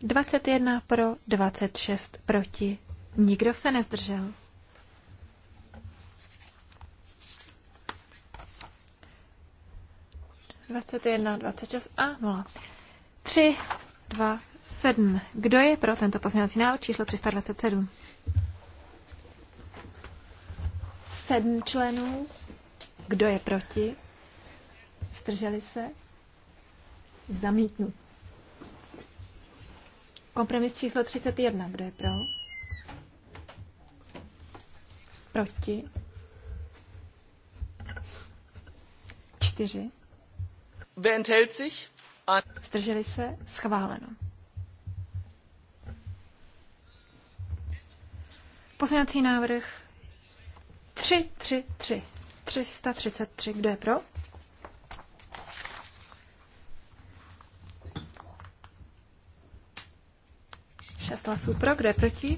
21 pro, 26 proti. Nikdo se nezdržel. Dvacet jedna, dvacet šest a nula. Tři, dva, sedm. Kdo je pro tento pozměňovací návrh číslo 327? Sedm členů. Kdo je proti? zdrželi se, zamítnu. Kompromis číslo 31, kdo je pro? Proti? Čtyři. Wer enthält sich? Zdrželi se? Schváleno. Poslanecí návrh 3, 3, 3. 333. Kdo je pro? 6 hlasů pro, kdo je proti?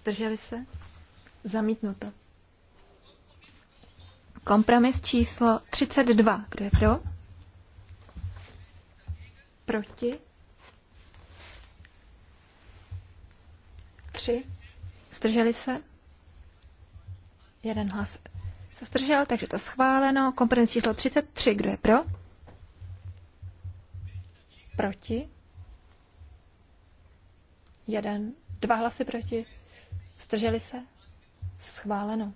Zdrželi se? Zamítnuto. Kompromis číslo 32. Kdo je pro? Proti? Tři. Zdrželi se? Jeden hlas se zdržel, takže to schváleno. Kompromis číslo 33. Kdo je pro? Proti? Jeden. Dva hlasy proti. Zdrželi se? Schváleno.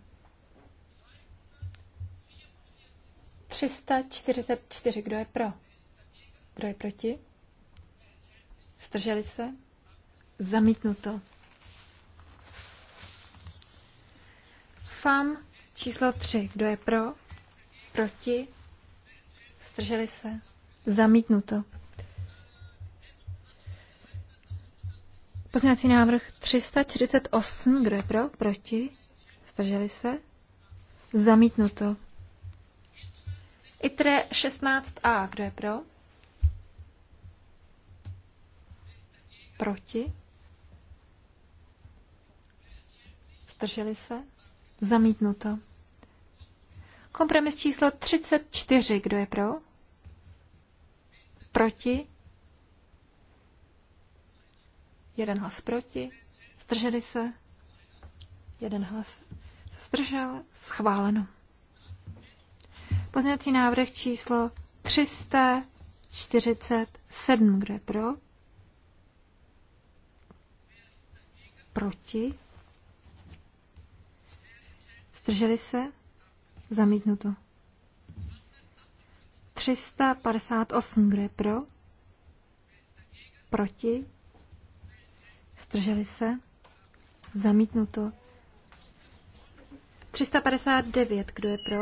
344. Kdo je pro? Kdo je proti? Zdrželi se? Zamítnuto. FAM číslo 3. Kdo je pro? Proti? Zdrželi se? Zamítnuto. Pozměňovací návrh 348, kdo je pro, proti, zdrželi se, zamítnuto. ITRE 16a, kdo je pro, proti, zdrželi se, zamítnuto. Kompromis číslo 34, kdo je pro, proti, jeden hlas proti, zdrželi se, jeden hlas zdržel, schváleno. Pozměňovací návrh číslo 347, je pro? Proti? Zdrželi se? Zamítnuto. 358, je pro? Proti? Zdrželi se? Zamítnuto. 359. Kdo je pro?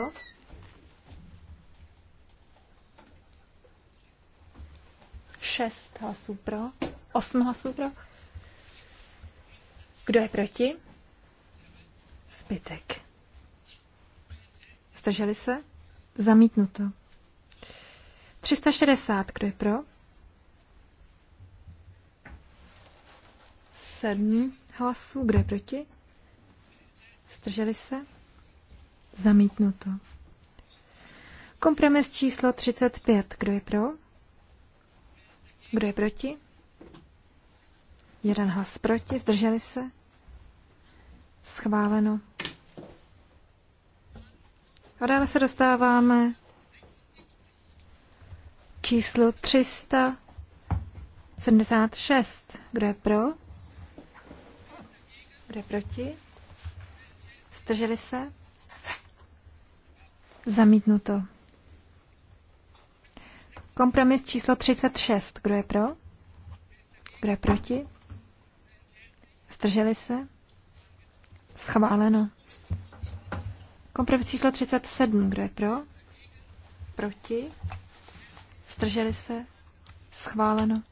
Šest hlasů pro. Osm hlasů pro. Kdo je proti? Zbytek. Zdrželi se? Zamítnuto. 360. Kdo je pro? sedm hlasů. Kdo je proti? Zdrželi se? Zamítnuto. Kompromis číslo 35. Kdo je pro? Kdo je proti? Jeden hlas proti. Zdrželi se? Schváleno. A dále se dostáváme číslu 376. Kdo je pro? bude proti? Zdrželi se? Zamítnuto. Kompromis číslo 36. Kdo je pro? Kdo je proti? Zdrželi se? Schváleno. Kompromis číslo 37. Kdo je pro? Proti? Zdrželi se? Schváleno.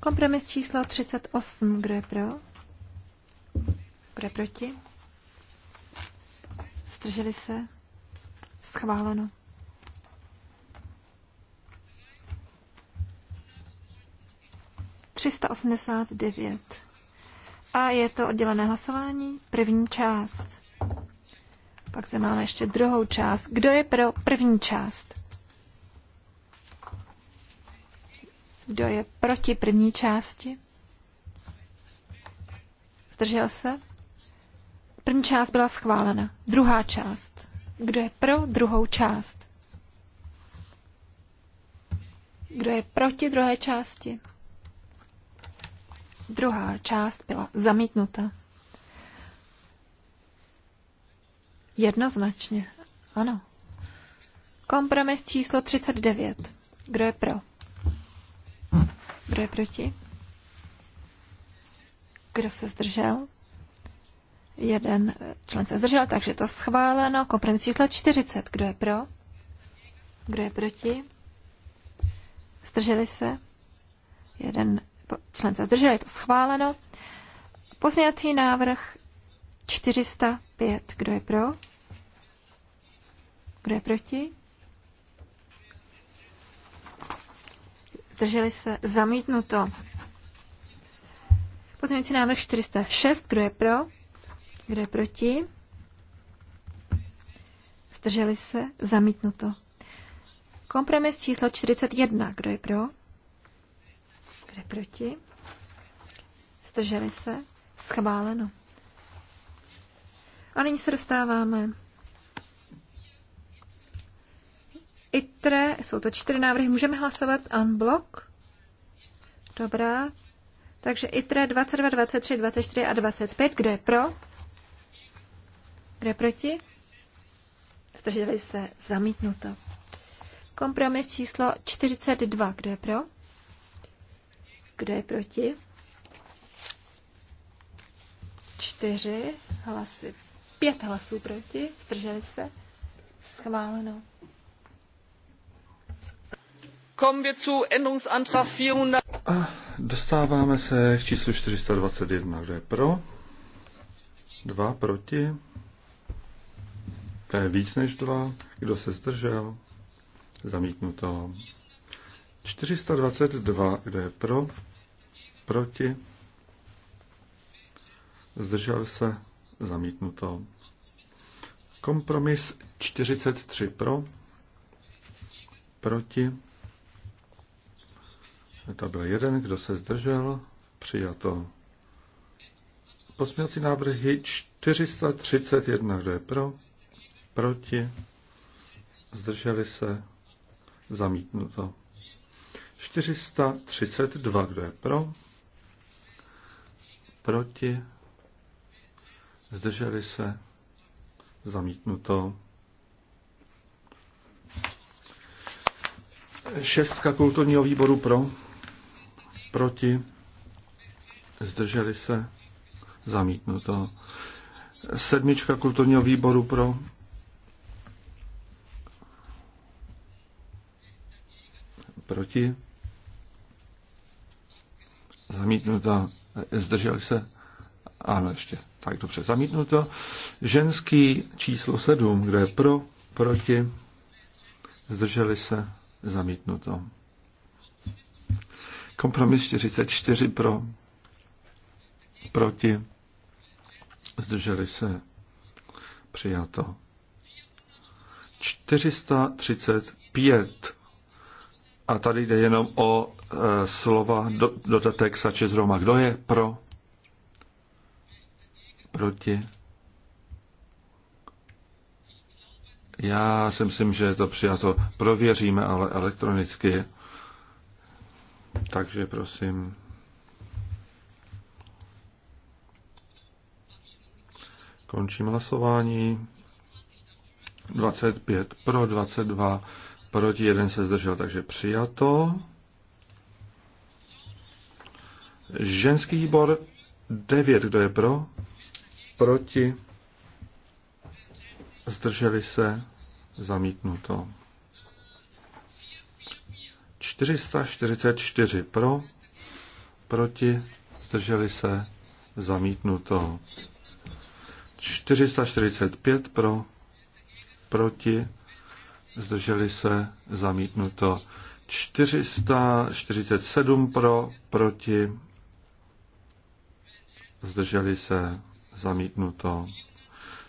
Kompromis číslo 38. Kdo je pro? bude proti? Zdrželi se? Schváleno. A je to oddělené hlasování, první část. Pak zde máme ještě druhou část. Kdo je pro první část? Kdo je proti první části? Zdržel se? První část byla schválena. Druhá část. Kdo je pro druhou část? Kdo je proti druhé části? Druhá část byla zamítnuta. Jednoznačně, ano. Kompromis číslo 39. Kdo je pro? Kdo je proti? Kdo se zdržel? Jeden člen se zdržel, takže to schváleno. Kompromis číslo 40. Kdo je pro? Kdo je proti? Zdrželi se? Jeden člen se zdržel, je to schváleno. Pozměňovací návrh 405. Kdo je pro? Kdo je proti? Zdrželi se? Zamítnuto. Pozměňující návrh 406. Kdo je pro? Kdo je proti? Zdrželi se? Zamítnuto. Kompromis číslo 41. Kdo je pro? Kdo je proti? Zdrželi se? Schváleno. A nyní se dostáváme. ITRE, jsou to čtyři návrhy, můžeme hlasovat unblock? Dobrá. Takže ITRE 22, 23, 24 a 25, kdo je pro? Kdo je proti? Zdrželi se zamítnuto. Kompromis číslo 42. Kdo je pro? Kdo je proti? Čtyři hlasy. Pět hlasů proti. Zdrželi se. Schváleno. Kommen wir zu Änderungsantrag 400. Dostáváme se k číslu 421. Kdo je pro? Dva proti. To je víc než dva. Kdo se zdržel? Zamítnuto. 422. Kdo je pro? Proti? Zdržel se? Zamítnuto. Kompromis 43 pro, proti. To byl jeden, kdo se zdržel. Přijato. Posměvací návrhy 431, kdo je pro, proti, zdrželi se, zamítnuto. 432, kdo je pro, proti, zdrželi se, zamítnuto. Šestka kulturního výboru pro, proti, zdrželi se, zamítnuto. Sedmička kulturního výboru pro, proti, zamítnuto, zdržel se, ano, ještě, tak dobře, zamítnuto, ženský číslo 7, kde je pro, proti, zdrželi se, zamítnuto. Kompromis 44 pro, proti, zdrželi se, přijato. 435 a tady jde jenom o e, slova do, dodatek sače z Roma. Kdo je pro? Proti? Já si myslím, že je to přijato. Prověříme, ale elektronicky. Takže prosím. Končím hlasování. 25 pro, 22 proti, jeden se zdržel, takže přijato. Ženský výbor 9, kdo je pro? Proti, zdrželi se, zamítnuto. 444 pro, proti, zdrželi se, zamítnuto. 445 pro, proti, zdrželi se, zamítnuto 447 pro, proti, zdrželi se, zamítnuto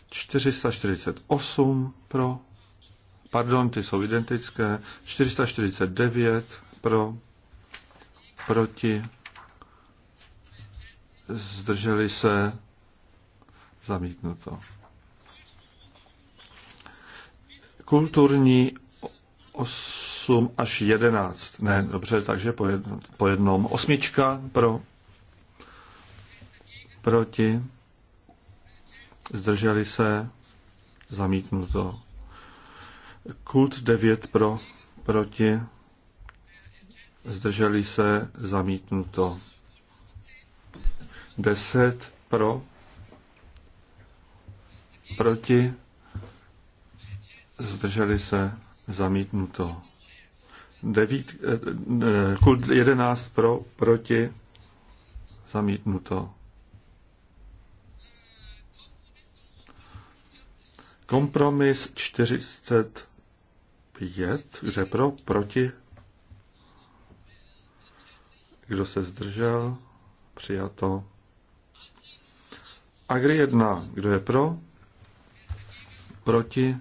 448 pro, pardon, ty jsou identické, 449 pro, proti, zdrželi se, zamítnuto. Kulturní 8 až 11. Ne, dobře, takže po, jedno, po jednom. Osmička pro, proti, zdrželi se, zamítnuto. Kult 9 pro, proti, zdrželi se, zamítnuto. 10 pro, proti, zdrželi se, zamítnuto. 9, eh, eh, kult 11 pro, proti, zamítnuto. Kompromis 45, kde pro, proti, kdo se zdržel, přijato. Agri 1, kdo je pro, proti,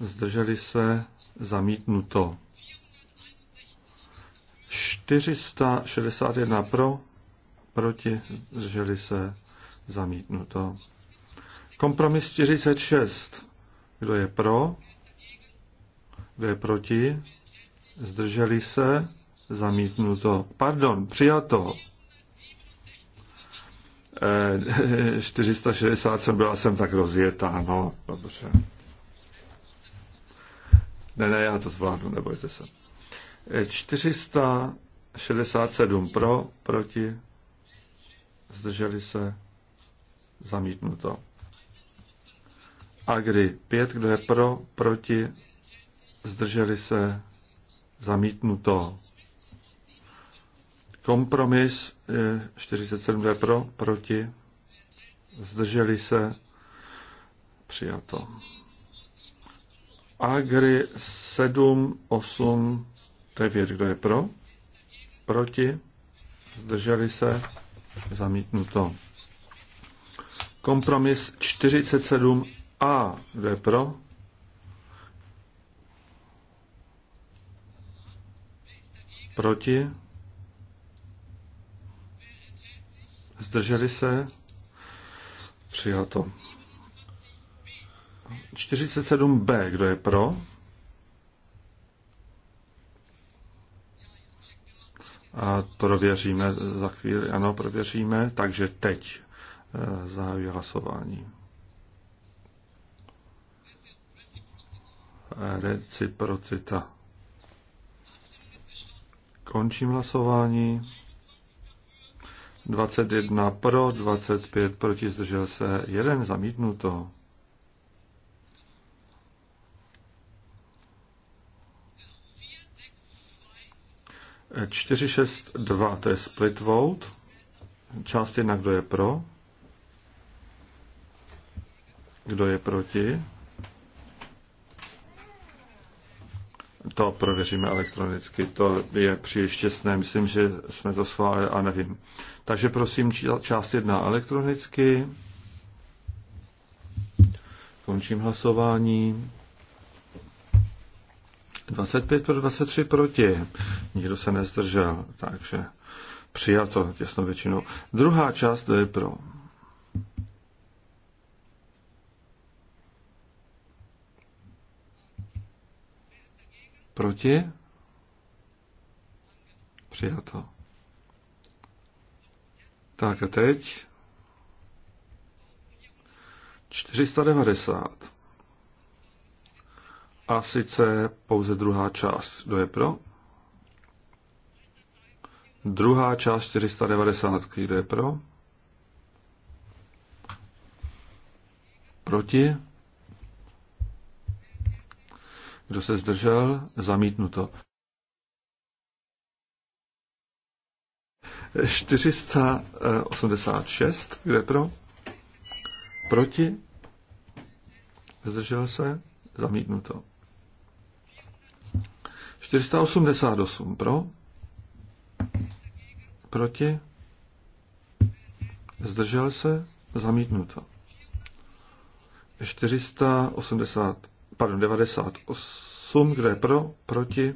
zdrželi se, zamítnuto. 461 pro, proti, zdrželi se, zamítnuto. Kompromis 46. Kdo je pro? Kdo je proti? Zdrželi se? Zamítnuto. Pardon, přijato. E, 460 jsem byla jsem tak rozjetá, no, dobře. Ne, ne, já to zvládnu, nebojte se. 467 eh, pro, proti, zdrželi se, zamítnuto. Agri 5, kdo je pro, proti, zdrželi se, zamítnuto. Kompromis 47, eh, kdo je pro, proti, zdrželi se, přijato. Agri 7, 8, 9. Kdo je pro? Proti? Zdrželi se? Zamítnuto. Kompromis 47a. Kdo je pro? Proti? Zdrželi se? Přijato. 47b, kdo je pro? A prověříme za chvíli, ano, prověříme, takže teď eh, zahajuji hlasování. Reciprocita. Končím hlasování. 21 pro, 25 proti, zdržel se jeden, zamítnuto. 462, to je split vote. Část jedna, kdo je pro? Kdo je proti? To prověříme elektronicky, to je příliš těsné, myslím, že jsme to schválili a nevím. Takže prosím, část jedna elektronicky. Končím hlasování. 25 pro 23 proti. Nikdo se nezdržel, takže přijato těsnou většinou. Druhá část je pro. Proti? Přijato. Tak a teď 490. A sice pouze druhá část. Kdo je pro? Druhá část 490. Kdo je pro? Proti? Kdo se zdržel? Zamítnuto. 486. je pro? Proti? Zdržel se? Zamítnuto. 488 pro, proti, zdržel se, zamítnuto. 480, pardon, 98, kdo je pro, proti,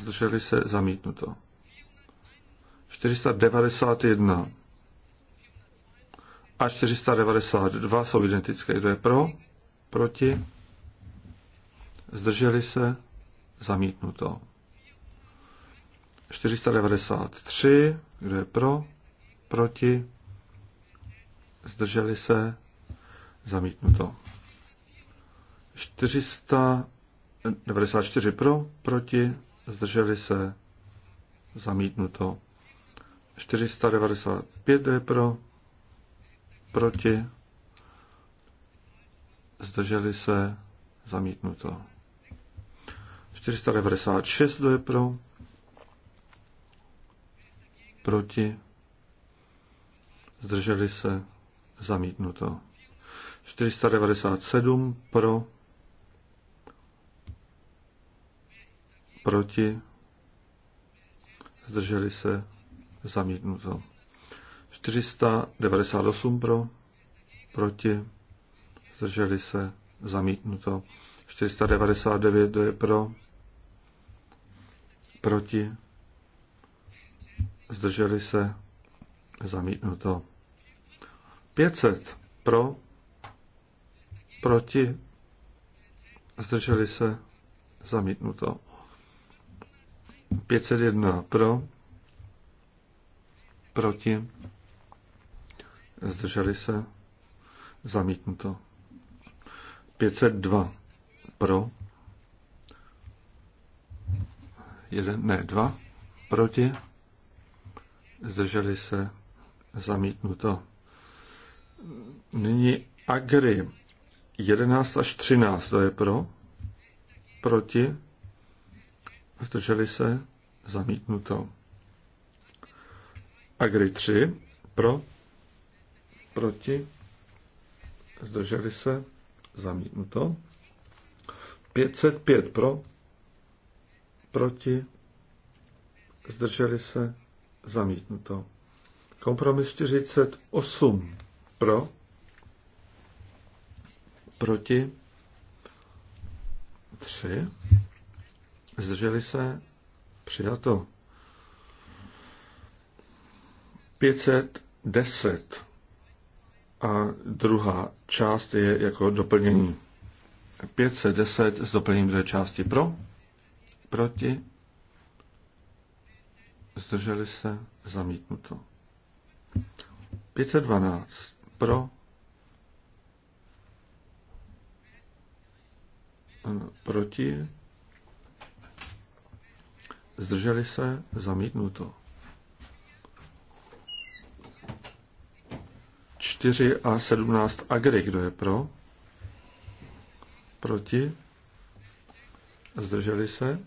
zdrželi se, zamítnuto. 491 a 492 jsou identické. Kdo je pro? proti, zdrželi se, zamítnuto. 493, kdo je pro, proti, zdrželi se, zamítnuto. 494 pro, proti, zdrželi se, zamítnuto. 495 je pro, proti, zdrželi se, zamítnuto. 496, kdo je pro, proti, zdrželi se, zamítnuto. 497 pro, proti, zdrželi se, zamítnuto. 498 pro, proti, zdrželi se, zamítnuto. 499, je pro, proti, zdrželi se, zamítnuto. 500 pro, proti, zdrželi se, zamítnuto. 501 pro, proti, zdrželi se, zamítnuto. 502 pro, jeden, ne, dva, proti, zdrželi se, zamítnuto. Nyní Agri 11 až 13, to je pro, proti, zdrželi se, zamítnuto. Agri 3, pro, proti, zdrželi se, zamítnuto. 505 pro, proti, zdrželi se, zamítnuto. Kompromis 48 pro, proti, 3, zdrželi se, přijato. 510 a druhá část je jako doplnění. 510 s doplněním druhé části pro, proti, zdrželi se, zamítnuto. 512 pro, proti, zdrželi se, zamítnuto. 4 a 17 agri. Kdo je pro? Proti? Zdrželi se?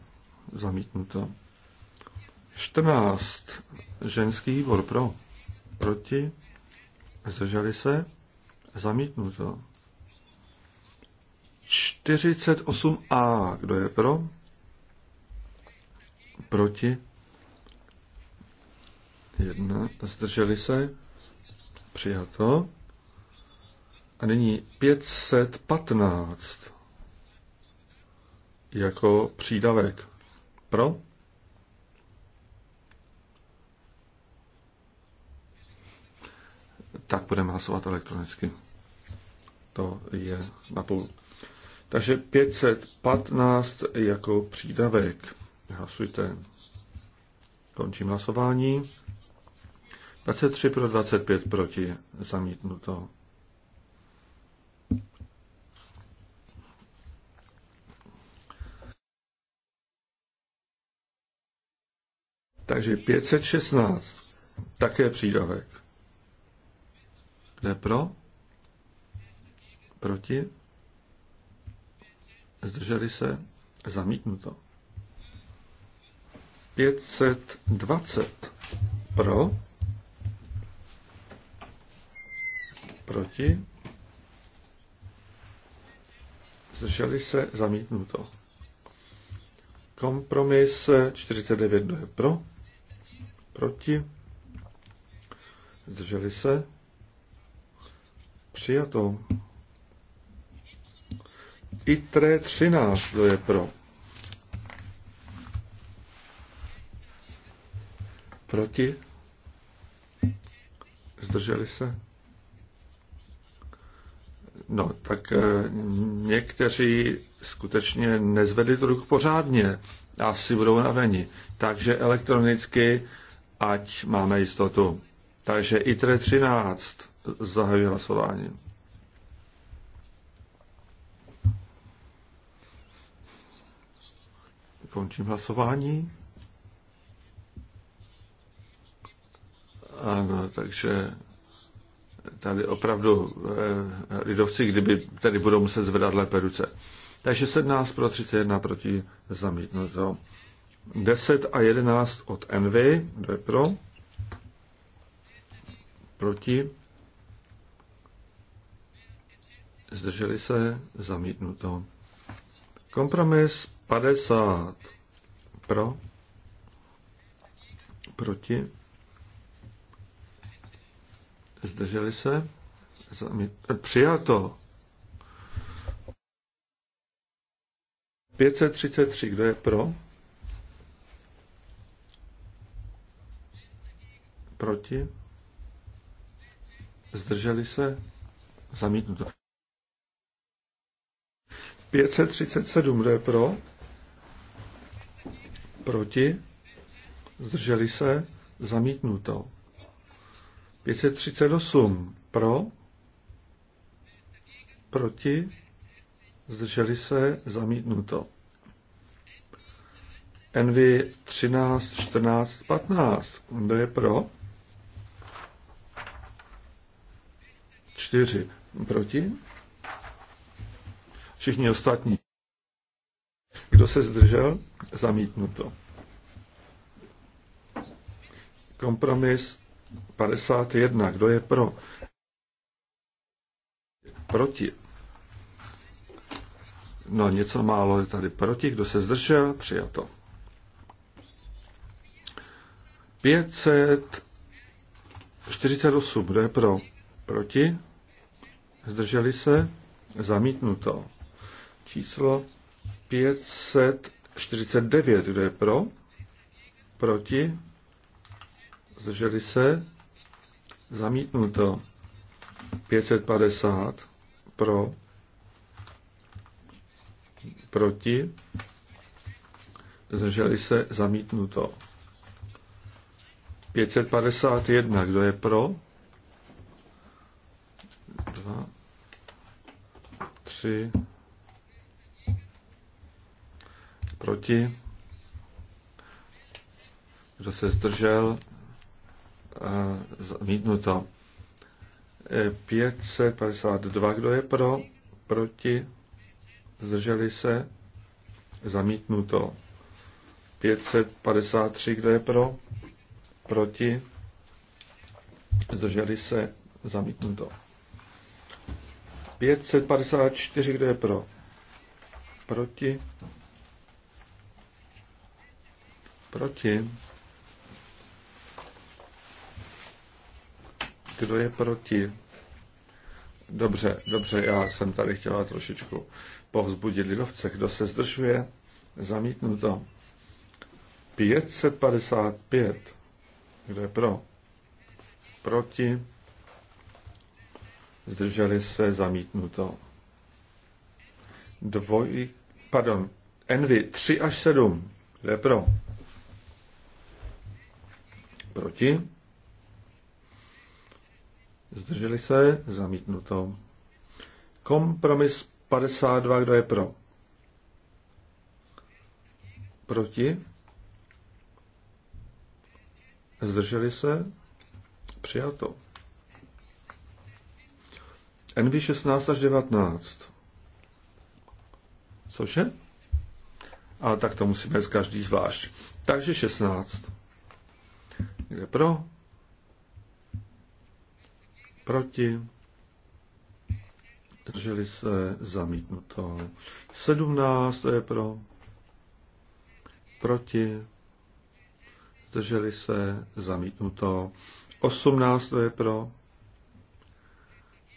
Zamítnuto. 14. Ženský výbor pro. Proti? Zdrželi se? Zamítnuto. 48a. Kdo je pro? Proti? Jedna. Zdrželi se? Přijato. A nyní 515 jako přídavek. Pro? Tak budeme hlasovat elektronicky. To je na půl. Takže 515 jako přídavek. Hlasujte. Končím hlasování. 23 pro 25 proti zamítnuto. Takže 516, také přídavek. Kde pro? Proti? Zdrželi se? Zamítnuto. 520 pro? Proti? Zdrželi se? Zamítnuto. Kompromis 49, kdo je pro? Proti? Zdrželi se? Přijato. ITRE 13, kdo je pro? Proti? Zdrželi se? No, tak eh, někteří skutečně nezvedli tu ruku pořádně a si budou naveni. Takže elektronicky, ať máme jistotu. Takže ITRE 13 zahajuje hlasování. Končím hlasování. Ano, takže tady opravdu eh, lidovci, kdyby tady budou muset zvedat lépe ruce. Takže 17 pro 31 proti zamítnuto. 10 a 11 od Envy, kdo je pro? Proti? Zdrželi se, zamítnuto. Kompromis 50 pro, proti, Zdrželi se? Eh, přijato. 533, kdo je pro? Proti? Zdrželi se? Zamítnuto. 537, kdo je pro? Proti? Zdrželi se? Zamítnuto. 538 pro, proti, zdrželi se, zamítnuto. NV 13, 14, 15, kdo je pro? 4 proti. Všichni ostatní. Kdo se zdržel? Zamítnuto. Kompromis 51. Kdo je pro? Proti. No, něco málo je tady proti. Kdo se zdržel? Přijato. 548. Kdo je pro? Proti. Zdrželi se? Zamítnuto. Číslo 549. Kdo je pro? Proti zdrželi se, to 550 pro, proti, zdrželi se, to 551, kdo je pro, 2, 3, proti, kdo se zdržel, Eh, zamítnuto. 552, eh, kdo je pro, proti, zdrželi se, zamítnuto. 553, kdo je pro, proti, zdrželi se, zamítnuto. 554, kdo je pro, proti, proti, Kdo je proti? Dobře, dobře, já jsem tady chtěla trošičku povzbudit lidovce. Kdo se zdržuje? Zamítnu to. 555. Kdo je pro? Proti? Zdrželi se to. Dvoj, pardon, Envy 3 až 7. Kdo je pro? Proti? Zdrželi se? Zamítnuto. Kompromis 52, kdo je pro? Proti? Zdrželi se? Přijato. NV 16 až 19. Cože? A tak to musíme z každý zvlášť. Takže 16. Kde pro? proti, drželi se zamítnuto. 17, to je pro, proti, zdrželi se zamítnuto. 18, to je pro,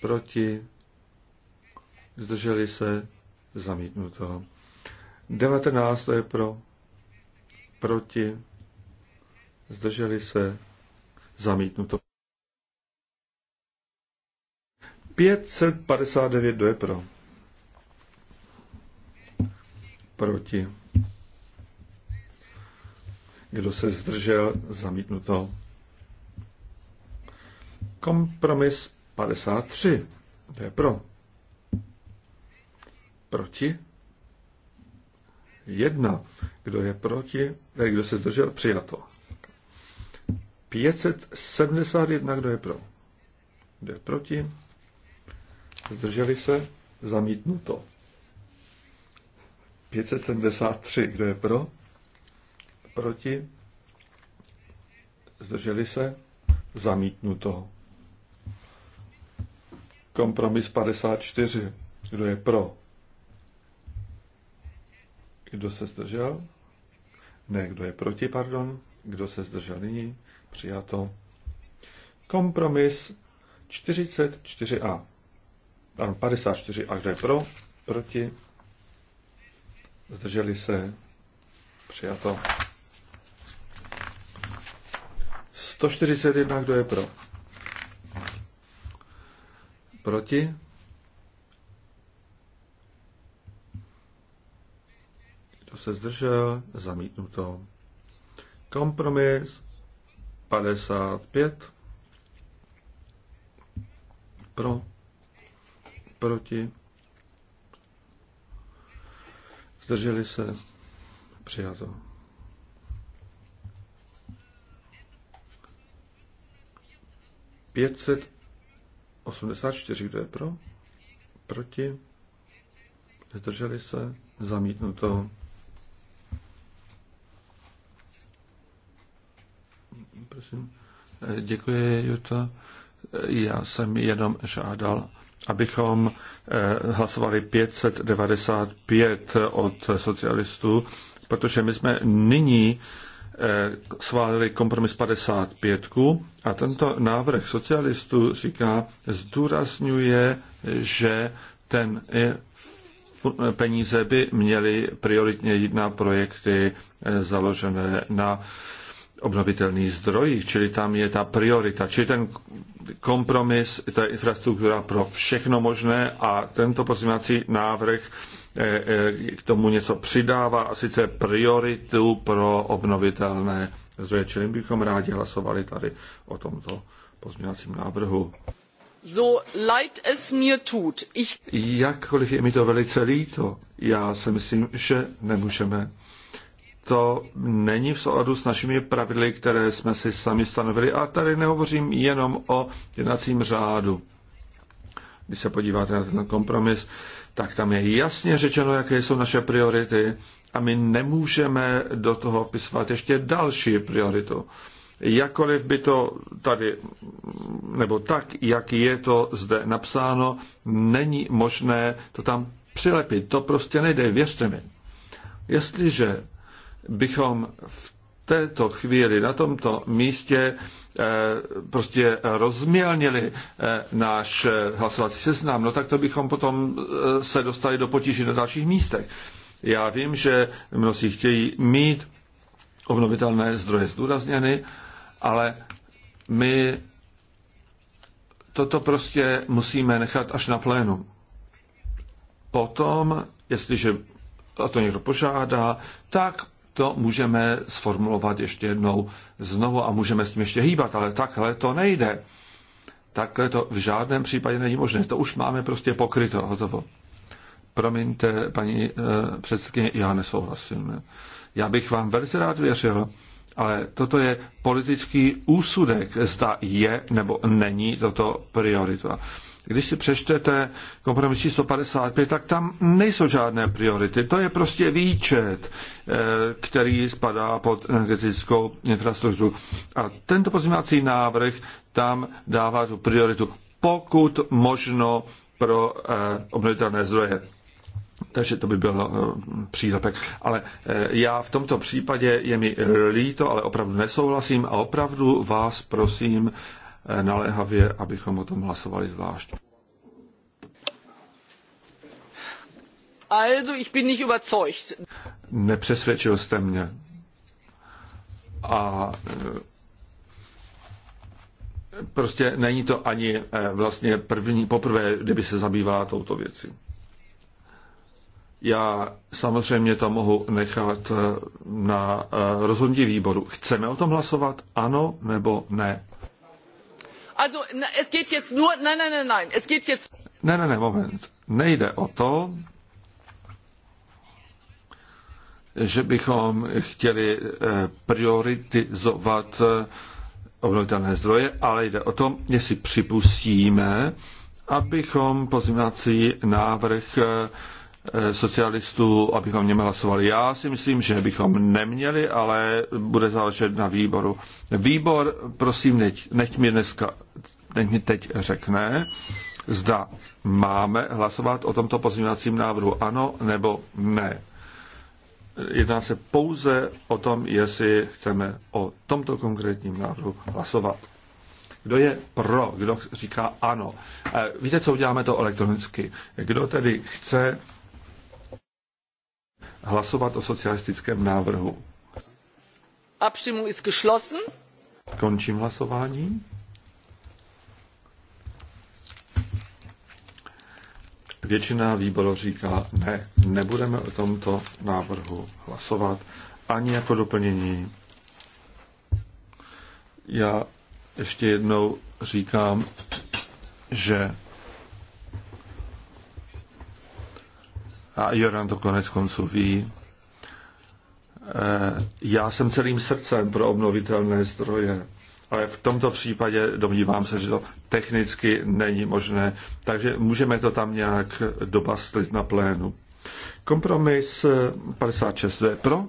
proti, zdrželi se zamítnuto. 19, to je pro, proti, zdrželi se zamítnuto. 559, do je pro? Proti. Kdo se zdržel? Zamítnuto. Kompromis 53. To je pro. Proti? Jedna. Kdo je proti? Ne, eh, kdo se zdržel? Přijato. 571. Kdo je pro? Kdo je proti? Zdrželi se? Zamítnuto. 573. Kdo je pro? Proti? Zdrželi se? Zamítnuto. Kompromis 54. Kdo je pro? Kdo se zdržel? Ne, kdo je proti, pardon. Kdo se zdržel nyní? Přijato. Kompromis 44a. Ano, 54 a kdo je pro? Proti? Zdrželi se? Přijato. 141, kdo je pro? Proti? Kdo se zdržel? Zamítnuto. Kompromis 55. Pro proti, zdrželi se, přijato. Pětset osmdesát čtyři, kdo je pro, proti, zdrželi se, zamítnuto. Prosím. Děkuji, Juta. Já jsem jenom žádal abychom eh, hlasovali 595 od socialistů, protože my jsme nyní eh, schválili kompromis 55 a tento návrh socialistů říká, zdůrazňuje, že ten eh, peníze by měly prioritně jít na projekty založené na obnovitelných zdrojích, čili tam je ta priorita, čili ten kompromis, ta infrastruktura pro všechno možné a tento pozměňovací návrh eh, eh, k tomu něco přidává a sice prioritu pro obnovitelné zdroje, čili bychom rádi hlasovali tady o tomto pozměňovacím návrhu. So leid es mir tut. Ich... Jakkoliv je mi to velice líto, já si myslím, že nemůžeme to není v souladu s našimi pravidly, které jsme si sami stanovili. A tady nehovořím jenom o jednacím řádu. Když se podíváte na ten kompromis, tak tam je jasně řečeno, jaké jsou naše priority a my nemůžeme do toho vpisovat ještě další prioritu. Jakoliv by to tady, nebo tak, jak je to zde napsáno, není možné to tam přilepit. To prostě nejde, věřte mi. Jestliže bychom v této chvíli na tomto místě eh, prostě rozmělnili eh, náš eh, hlasovací seznam, no tak to bychom potom se dostali do potíží na dalších místech. Já vím, že mnozí chtějí mít obnovitelné zdroje zdůrazněny, ale my toto prostě musíme nechat až na plénu. Potom, jestliže a to někdo požádá, tak to můžeme sformulovat ještě jednou znovu a můžeme s tím ještě hýbat, ale takhle to nejde. Takhle to v žádném případě není možné. To už máme prostě pokryto, hotovo. Promiňte, paní e, předsedkyně, já nesouhlasím. Já bych vám velice rád věřil, ale toto je politický úsudek, zda je nebo není toto priorita. Když si přečtete kompromis číslo 55, tak tam nejsou žádné priority. To je prostě výčet, eh, který spadá pod energetickou infrastrukturu. A tento pozměňovací návrh tam dává tu prioritu, pokud možno pro eh, obnovitelné zdroje. Takže to by byl eh, přílepek. Ale já v tomto případě je mi líto, ale opravdu nesouhlasím a opravdu vás prosím, naléhavě, abychom o tom hlasovali zvlášť. Also, ich bin nicht überzeugt. Nepřesvědčil jste mě. A e, prostě není to ani e, vlastně první, poprvé, kdyby se zabývala touto věcí. Já samozřejmě to mohu nechat e, na rozhodnutí výboru. Chceme o tom hlasovat? Ano nebo ne? Also, es geht jetzt nur, nein, nein, nein, nein, es geht jetzt... Ne, ne, ne, moment. Nejde o to, že bychom chtěli eh, prioritizovat eh, obnovitelné zdroje, ale jde o to, jestli připustíme, abychom pozměňovací návrh eh, Eh, socialistů, abychom něm hlasovali. Já si myslím, že bychom neměli, ale bude záležet na výboru. Výbor, prosím, neď, neď mi dneska, neď mi teď řekne, zda máme hlasovat o tomto pozměňovacím návrhu ano nebo ne. Jedná se pouze o tom, jestli chceme o tomto konkrétním návrhu hlasovat. Kdo je pro, kdo říká ano. Eh, víte, co uděláme to elektronicky. Kdo tedy chce hlasovat o socialistickém návrhu. Abstimmung ist geschlossen. Končím hlasování. Většina výboru říká ne, nebudeme o tomto návrhu hlasovat ani jako doplnění. Já ještě jednou říkám, že a Joran to konec konců ví, e, já jsem celým srdcem pro obnovitelné zdroje, ale v tomto případě domnívám se, že to technicky není možné, takže můžeme to tam nějak dobastlit na plénu. Kompromis 56, to je pro?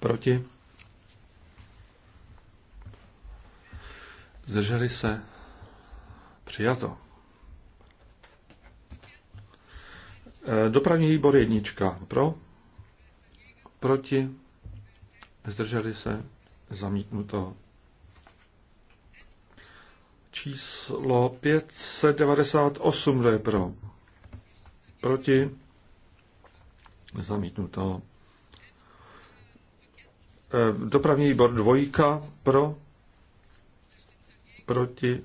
Proti? Zdrželi se? Přijato. Eh, dopravní výbor jednička pro, proti, zdrželi se, zamítnuto. Číslo 598, kdo je pro, proti, zamítnuto. Eh, dopravní výbor dvojka pro, proti,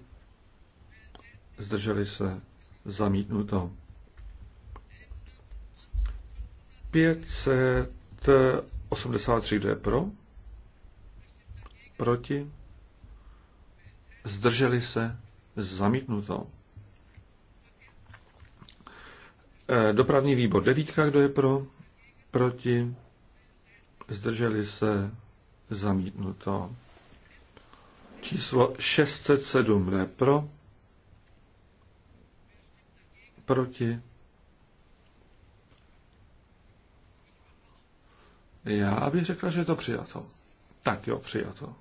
zdrželi se, zamítnuto. 583 jde pro, proti, zdrželi se, zamítnuto. E, dopravní výbor devítka, kdo je pro, proti, zdrželi se, zamítnuto. Číslo 607 ne pro, proti, Já bych řekla, že je to přijato. Tak jo, přijato.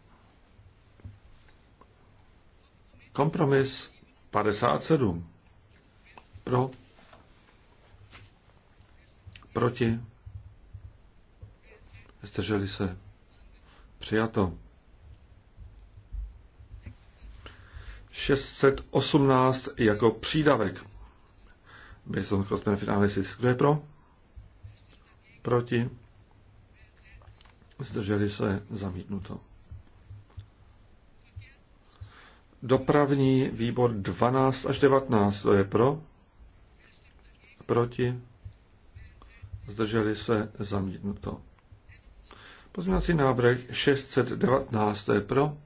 Kompromis 57. Pro. Proti. Zdrželi se. Přijato. 618 jako přídavek. Byli jsme v finále, kdo je pro? Proti zdrželi se zamítnuto. Dopravní výbor 12 až 19, to je pro, proti, zdrželi se zamítnuto. Pozměňovací návrh 619, to je pro,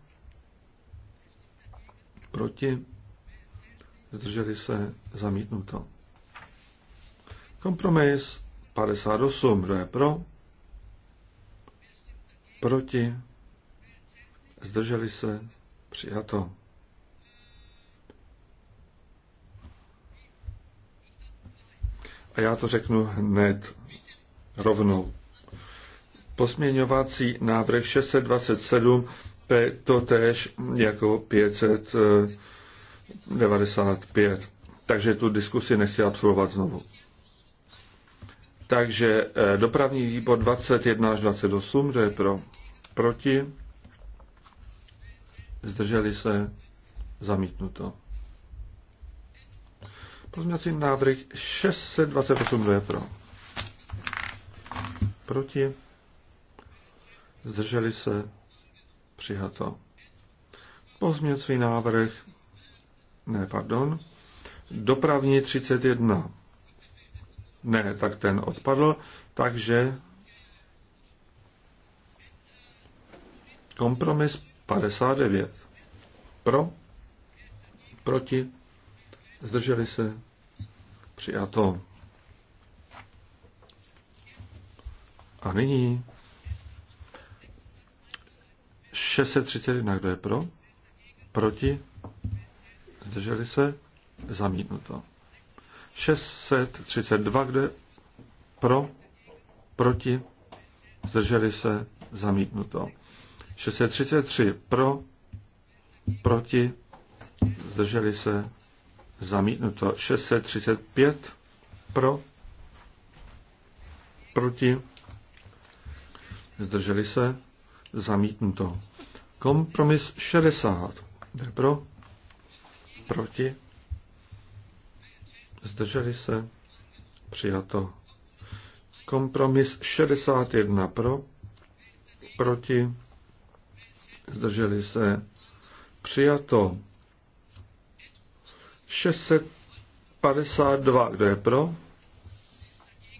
proti, zdrželi se zamítnuto. Kompromis 58, to je pro, Proti? Zdrželi se? Přijato. A já to řeknu hned rovnou. Posměňovací návrh 627 P to též jako 595. Takže tu diskusi nechci absolvovat znovu. Takže eh, dopravní výbor 21 až 28, kdo je pro? Proti? Zdrželi se? Zamítnuto. Pozměňovací návrh 628, kdo je pro? Proti? Zdrželi se? Přijato. Pozměňovací návrh, ne, pardon, dopravní 31 ne, tak ten odpadl, takže kompromis 59. Pro, proti, zdrželi se, přijato. A nyní 631, kdo je pro? Proti? Zdrželi se? Zamítnuto. 632, kde pro, proti, zdrželi se, zamítnuto. 633 pro, proti, zdrželi se, zamítnuto. 635 pro, proti, zdrželi se, zamítnuto. Kompromis 60, pro, proti, zdrželi se, přijato. Kompromis 61 pro, proti, zdrželi se, přijato. 652, kdo je pro,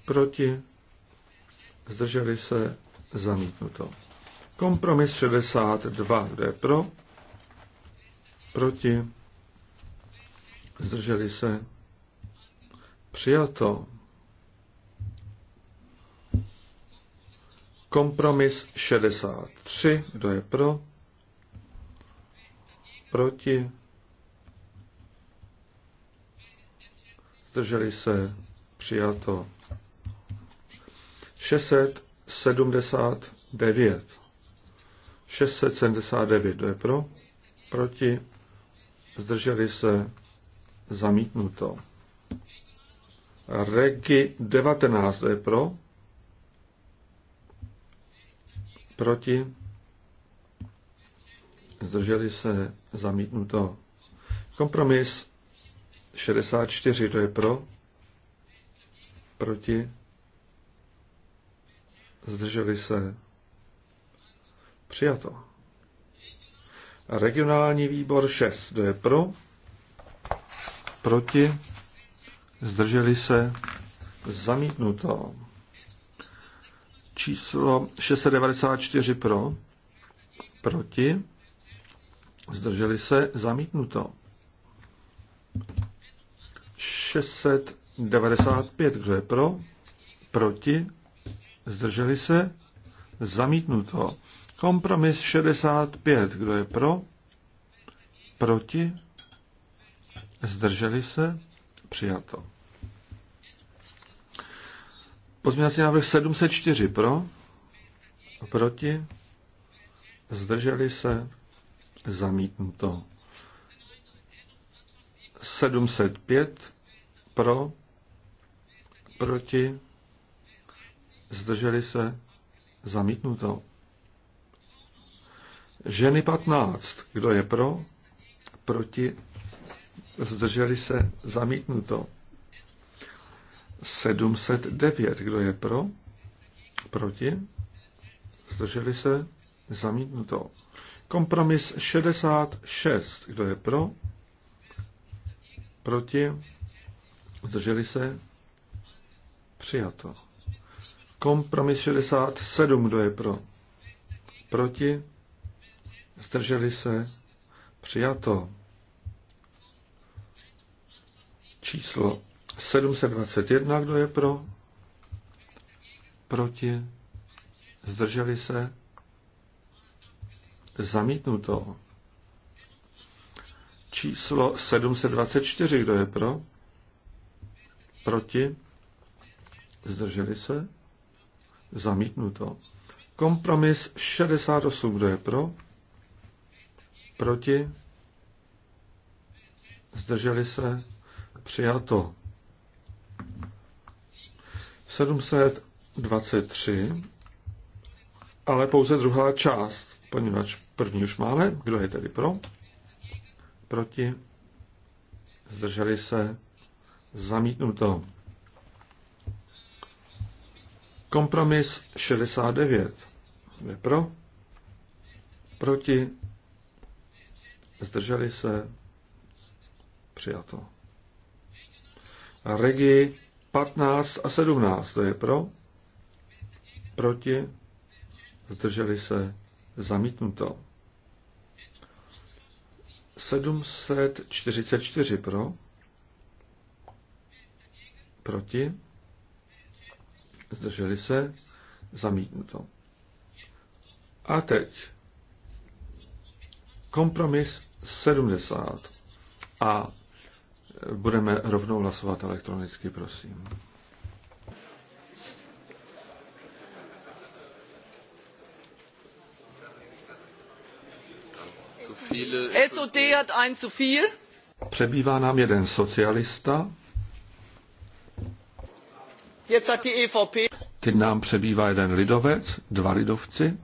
proti, zdrželi se, zamítnuto. Kompromis 62, kdo je pro, proti, zdrželi se, Přijato. Kompromis 63. Kdo je pro? Proti? Zdrželi se? Přijato. 679. 679. Kdo je pro? Proti? Zdrželi se? Zamítnuto. Regi 19, je pro. Proti. Zdrželi se zamítnuto. Kompromis 64, to je pro. Proti. Zdrželi se. Přijato. Regionální výbor 6, to je pro. Proti zdrželi se, zamítnuto. Číslo 694 pro, proti, zdrželi se, zamítnuto. 695, kdo je pro, proti, zdrželi se, zamítnuto. Kompromis 65, kdo je pro, proti, zdrželi se, Přijato. Pozměňovací návrh 704 pro, proti, zdrželi se, zamítnuto. 705 pro, proti, zdrželi se, zamítnuto. Ženy 15, kdo je pro, proti, zdrželi se, zamítnuto. 709, kdo je pro, proti, zdrželi se, zamítnuto. Kompromis 66, kdo je pro, proti, zdrželi se, přijato. Kompromis 67, kdo je pro, proti, zdrželi se, přijato. číslo 721, kdo je pro? Proti? Zdrželi se? Zamítnuto. Číslo 724, kdo je pro? Proti? Zdrželi se? Zamítnuto. Kompromis 68, kdo je pro? Proti? Zdrželi se? Přijato. 723, ale pouze druhá část, poněvadž první už máme. Kdo je tedy pro? Proti? Zdrželi se? Zamítnuto. Kompromis 69. Je pro? Proti? Zdrželi se? Přijato. Regi 15 a 17, to je pro, proti, zdrželi se, zamítnuto. 744 pro, proti, zdrželi se, zamítnuto. A teď kompromis 70 a Budeme rovnou hlasovat elektronicky, prosím. SOD hat ein zu viel. Přebývá nám jeden socialista. Jetzt hat die EVP. Teď nám přebývá jeden lidovec, dva lidovci.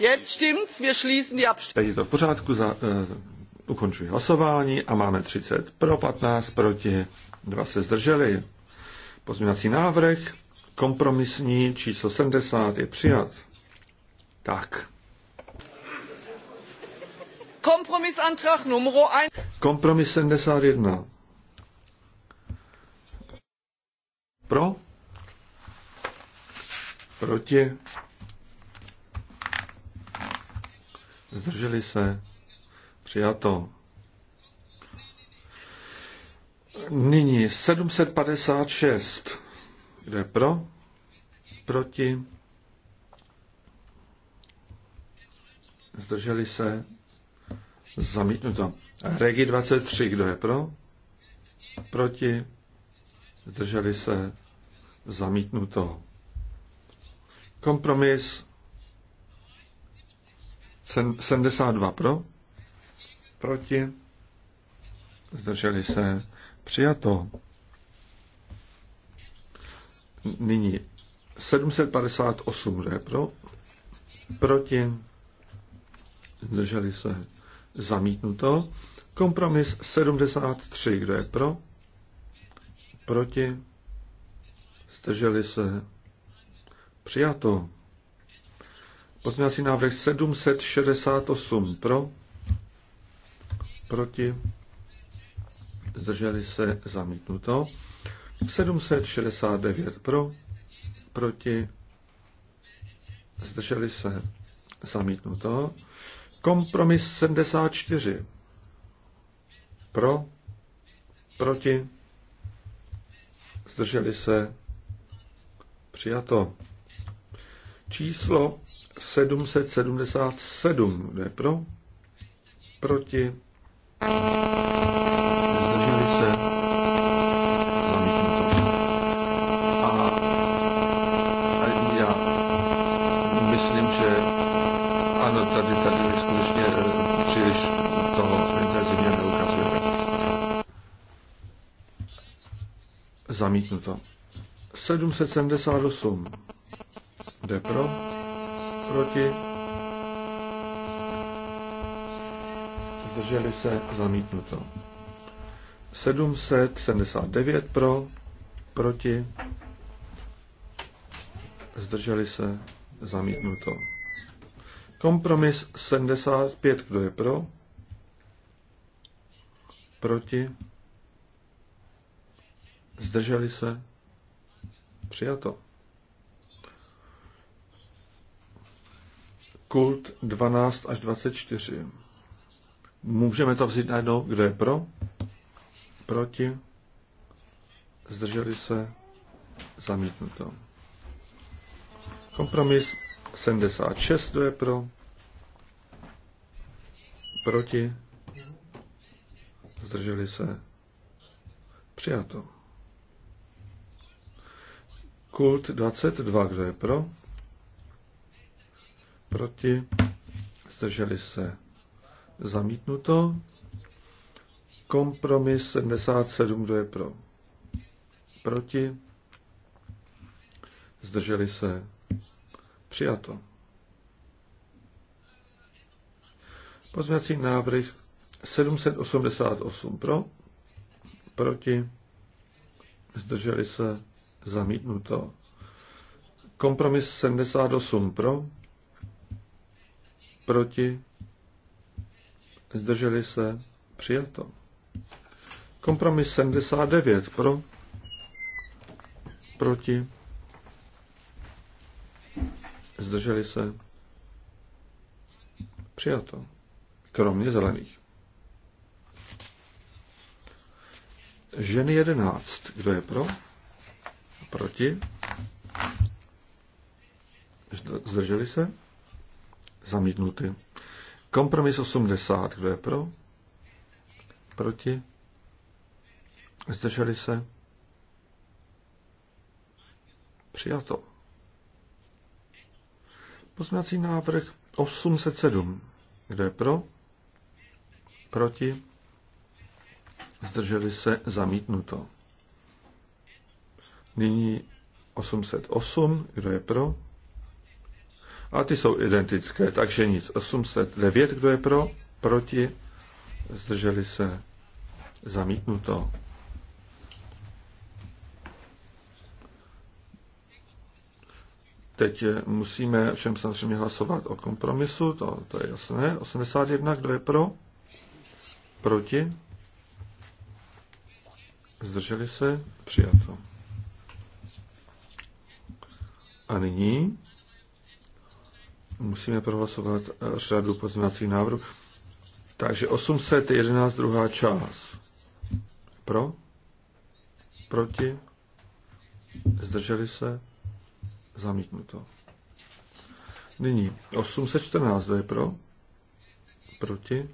Jetzt stimmt's, wir schließen die Abstimmung. Teď je to v pořádku, za, eh, Ukončuji hlasování a máme 30 pro, 15 proti, 2 se zdrželi. Pozměňovací návrh, kompromisní číslo 70 je přijat. Tak. Antrach, numero 1. Kompromis 71. Pro? Proti? Zdrželi se? Přijato. Nyní 756. Kdo je pro? Proti? Zdrželi se? Zamítnuto. Regi 23. Kdo je pro? Proti? Zdrželi se? Zamítnuto. Kompromis 72 pro, Proti? Zdrželi se? Přijato. Nyní 758, že pro? Proti? Zdrželi se? Zamítnuto. Kompromis 73, kdo je pro? Proti? Zdrželi se? Přijato. Pozměňovací návrh 768 pro, proti, zdrželi se zamítnuto, 769 pro, proti, zdrželi se zamítnuto, kompromis 74 pro, proti, zdrželi se přijato. Číslo 777 jde pro, proti, Zdrželi se. Zamítnuto. A, a já myslím, že ano, tady, tady skutečně eh, příliš toho intenzivně neukazujeme. Zamítnuto. 778. Jde pro, proti, zdrželi se, zamítnuto. 779 pro, proti, zdrželi se, zamítnuto. Kompromis 75, kdo je pro, proti, zdrželi se, přijato. Kult 12 až 24. Můžeme to vzít najednou, kdo je pro, proti, zdrželi se, zamítnuto. Kompromis 76, kdo je pro, proti, zdrželi se, přijato. Kult 22, kdo je pro, proti, zdrželi se, Zamítnuto. Kompromis 77, kdo je pro? Proti? Zdrželi se? Přijato. Pozměňovací návrh 788 pro, proti, zdrželi se, zamítnuto. Kompromis 78 pro, proti, zdrželi se, přijato. Kompromis 79 pro, proti, zdrželi se, přijato, kromě zelených. Ženy 11, kdo je pro, proti, zdrželi se, zamítnuty. Kompromis 80. Kdo je pro? Proti? Zdrželi se? Přijato. Poznací návrh 807. Kdo je pro? Proti? Zdrželi se? Zamítnuto. Nyní 808. Kdo je pro? a ty jsou identické, takže nic. 809, kdo je pro, proti, zdrželi se, zamítnuto. Teď eh, musíme všem samozřejmě hlasovat o kompromisu, to, to je jasné. 81, kdo je pro? Proti? Zdrželi se? Přijato. A nyní musíme prohlasovat řadu pozměňovacích návrhů. Takže 811 druhá část. Pro? Proti? Zdrželi se? Zamítnuto. Nyní 814, to je pro? Proti?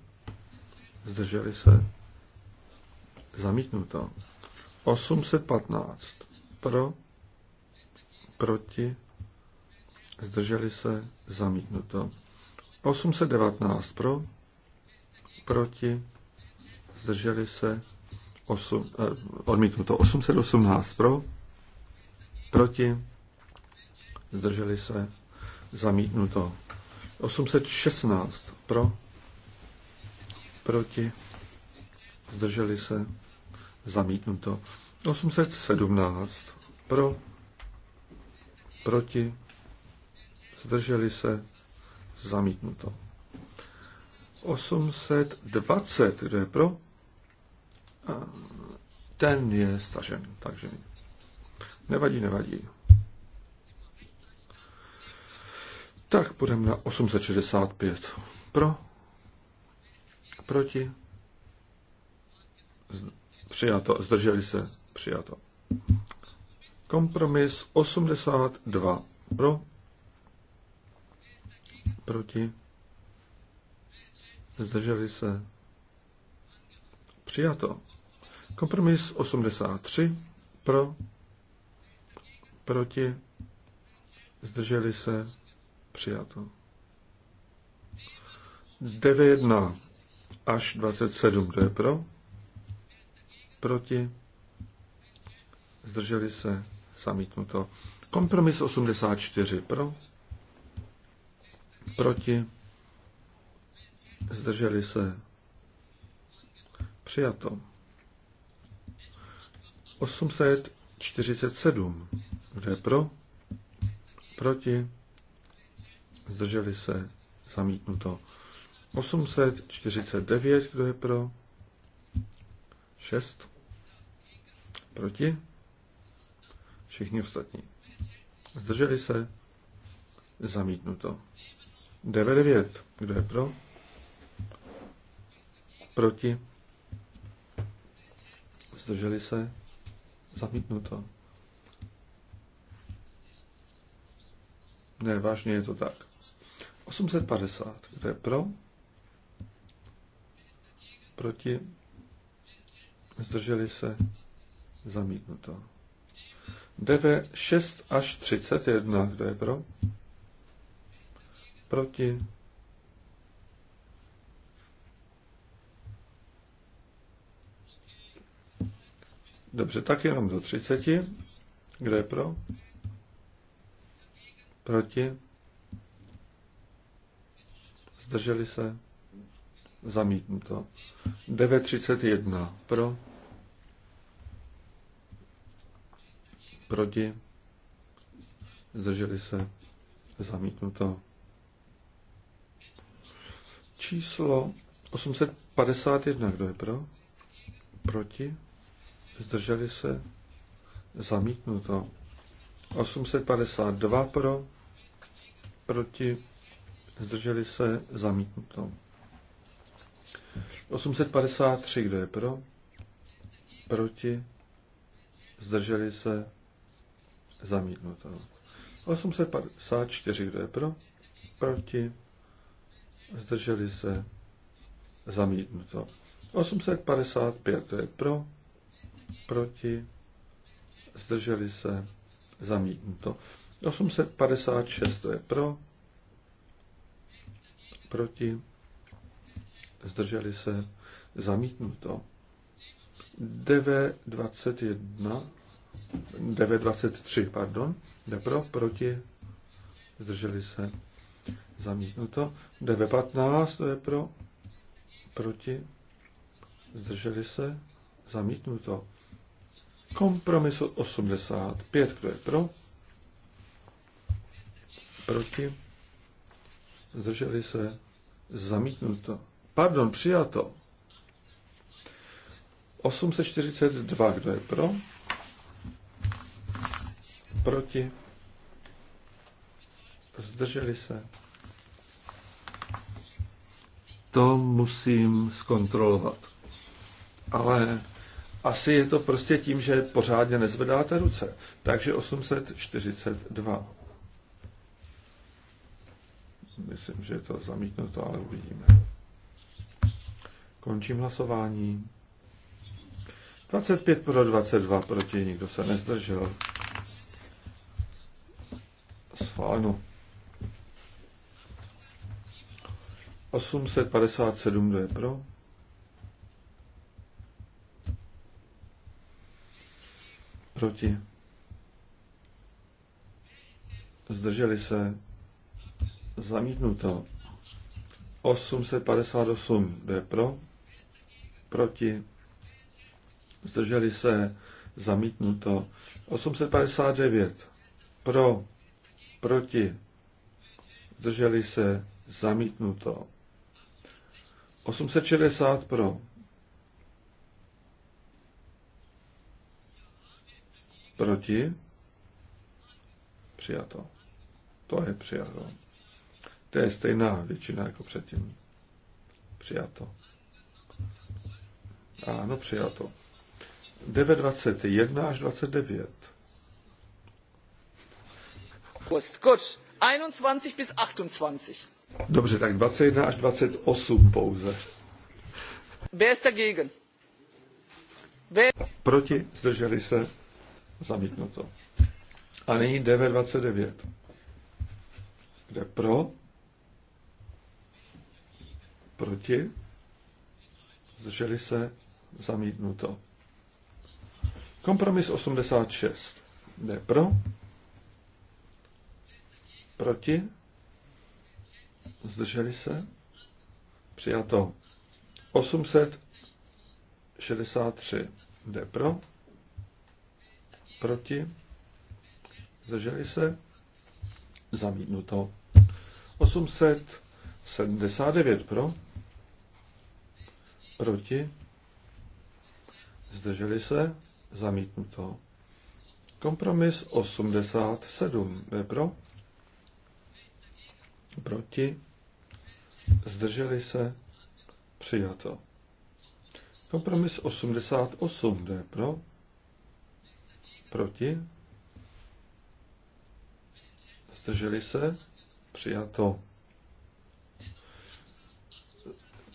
Zdrželi se? Zamítnuto. 815. Pro? Proti? zdrželi se, zamítnuto. 819 pro, proti, zdrželi se, 8, eh, odmítnuto. 818 pro, proti, zdrželi se, zamítnuto. 816 pro, proti, zdrželi se, zamítnuto. 817 pro, proti, zdrželi se, zamítnuto. 820, kdo je pro, ten je stažen, takže nevadí, nevadí. Tak půjdeme na 865. Pro, proti, přijato, zdrželi se, přijato. Kompromis 82 pro, proti, zdrželi se, přijato. Kompromis 83 pro, proti, zdrželi se, přijato. 9 až 27, to je pro? Proti? Zdrželi se, zamítnuto. Kompromis 84 pro, Proti? Zdrželi se? Přijato. 847. Kdo je pro? Proti? Zdrželi se? Zamítnuto. 849. Kdo je pro? 6. Proti? Všichni ostatní. Zdrželi se? Zamítnuto. 99, Kdo je pro? Proti? Zdrželi se? Zamítnuto. Ne, vážně je to tak. 850. Kdo je pro? Proti? Zdrželi se? Zamítnuto. DV 6 až 31. Kdo je pro? Proti. Dobře, tak jenom do 30. Kdo je pro? Proti? Zdrželi se? Zamítnu to. 9.31. Pro? Proti? Zdrželi se? Zamítnu to. 9.32. Číslo 851, kdo je pro? Proti? Zdrželi se? Zamítnuto. 852 pro? Proti? Zdrželi se? Zamítnuto. 853, kdo je pro? Proti? Zdrželi se? Zamítnuto. 854, kdo je pro? Proti? zdrželi se, zamítnuto. 855, to je pro, proti, zdrželi se, zamítnuto. 856, to je pro, proti, zdrželi se, zamítnuto. 921, 923, pardon, je pro, proti, zdrželi se, Zamítnuto. DV15, to je pro, proti, zdrželi se, zamítnuto. Kompromis 85, kdo je pro, proti, zdrželi se, zamítnuto. Pardon, přijato. 842, kdo je pro, proti, zdrželi se, to musím zkontrolovat. Ale asi je to prostě tím, že pořádně nezvedáte ruce. Takže 842. Myslím, že je to zamítnuto, ale uvidíme. Končím hlasování. 25 pro 22 proti, nikdo se nezdržel. Schváleno. 857, kdo je pro? Proti? Zdrželi se? Zamítnuto. 858, kdo je pro? Proti? Zdrželi se? Zamítnuto. 859, pro? Proti? Zdrželi se? Zamítnuto. 860 pro. Proti. Přijato. To je přijato. To je stejná většina jako předtím. Přijato. Ano, přijato. 921 až 29. Kurs, 21 bis 28. Dobře, tak 21 až 28 pouze. Wer ist dagegen? Wer... Proti, zdrželi se, zamítnuto. A nyní 929. Kde pro? Proti? Zdrželi se, zamítnuto. Kompromis 86. Kde pro? Proti? zdrželi se, přijato 863 jde pro, proti, zdrželi se, zamítnuto 879 pro, proti, zdrželi se, zamítnuto. Kompromis 87 jde pro, proti, zdrželi se, přijato. Kompromis 88, jde pro, proti, zdrželi se, přijato.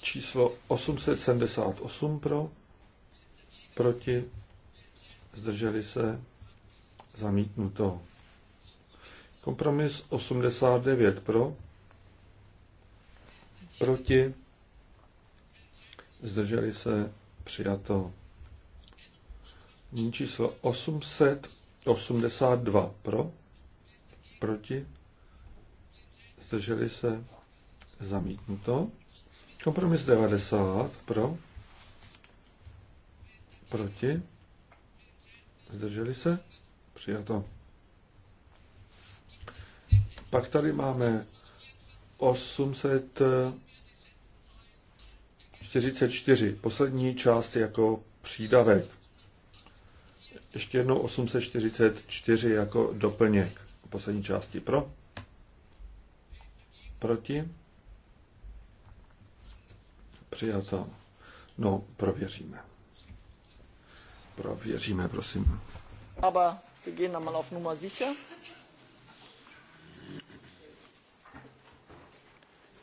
Číslo 878 pro, proti, zdrželi se, zamítnuto. Kompromis 89 pro, Proti? Zdrželi se? Přijato. Nyní číslo 882 pro, proti, zdrželi se, zamítnuto. Kompromis 90 pro, proti, zdrželi se, přijato. Pak tady máme 800 44, poslední část jako přídavek. Ještě jednou 844 jako doplněk poslední části pro. Proti. Přijato. No, prověříme. Prověříme, prosím. Aber wir gehen mal auf Nummer sicher.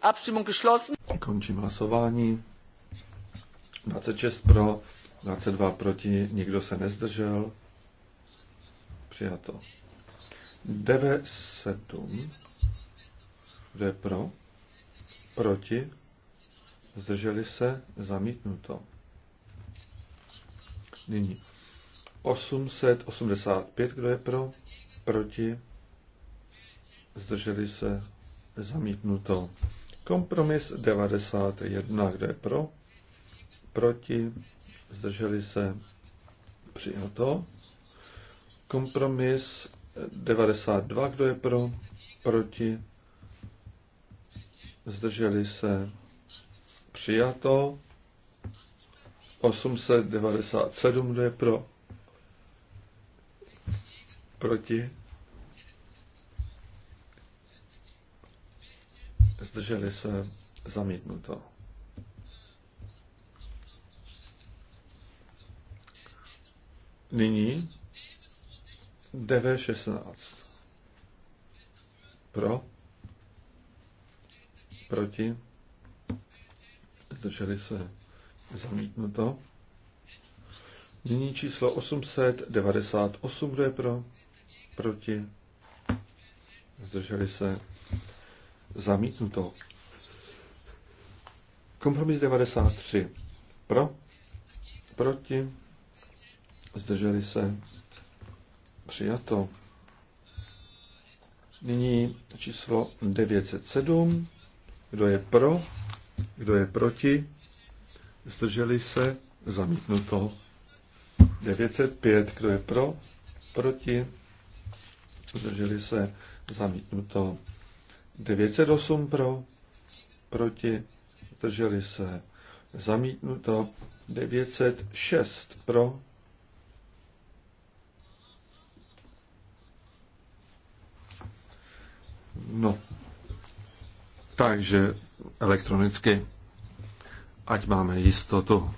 Abstimmung geschlossen. Končím hlasování. 26 pro, 22 proti, nikdo se nezdržel. Přijato. 9-7. Kdo je pro? Proti? Zdrželi se? Zamítnuto. Nyní. 885. Kdo je pro? Proti? Zdrželi se? Zamítnuto. Kompromis 91. Kdo je pro? proti, zdrželi se, přijato. Kompromis 92, kdo je pro, proti, zdrželi se, přijato. 897, kdo je pro, proti, zdrželi se, zamítnuto. Nyní 9.16. 16 Pro? Proti? Zdrželi se zamítnuto. Nyní číslo 898, kdo je pro? Proti? Zdrželi se zamítnuto. Kompromis 93. Pro? Proti? zdrželi se, přijato. Nyní číslo 907. Kdo je pro? Kdo je proti? Zdrželi se? Zamítnuto. 905. Kdo je pro? Proti? Zdrželi se? Zamítnuto. 908 pro? Proti? Zdrželi se? Zamítnuto. 906 pro? No, takže elektronicky, ať máme jistotu.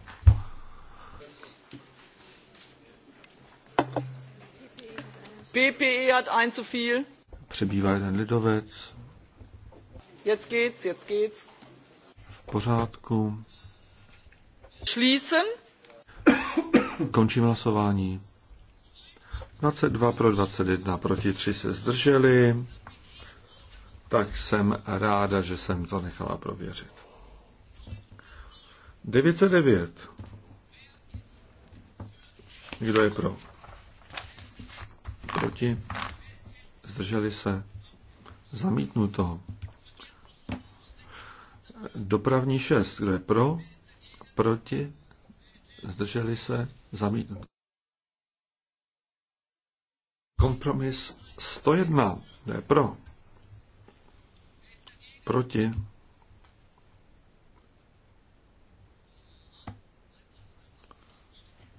PPE hat ein zu viel. Přebývá jeden lidovec. Jetzt geht's, jetzt geht's. V pořádku. Schließen. Končím hlasování. 22 pro 21, proti 3 se zdrželi tak jsem ráda, že jsem to nechala prověřit. 909. Kdo je pro? Proti? Zdrželi se? to. Dopravní 6. Kdo je pro? Proti? Zdrželi se? to. Kompromis 101. Kdo je pro? Proti?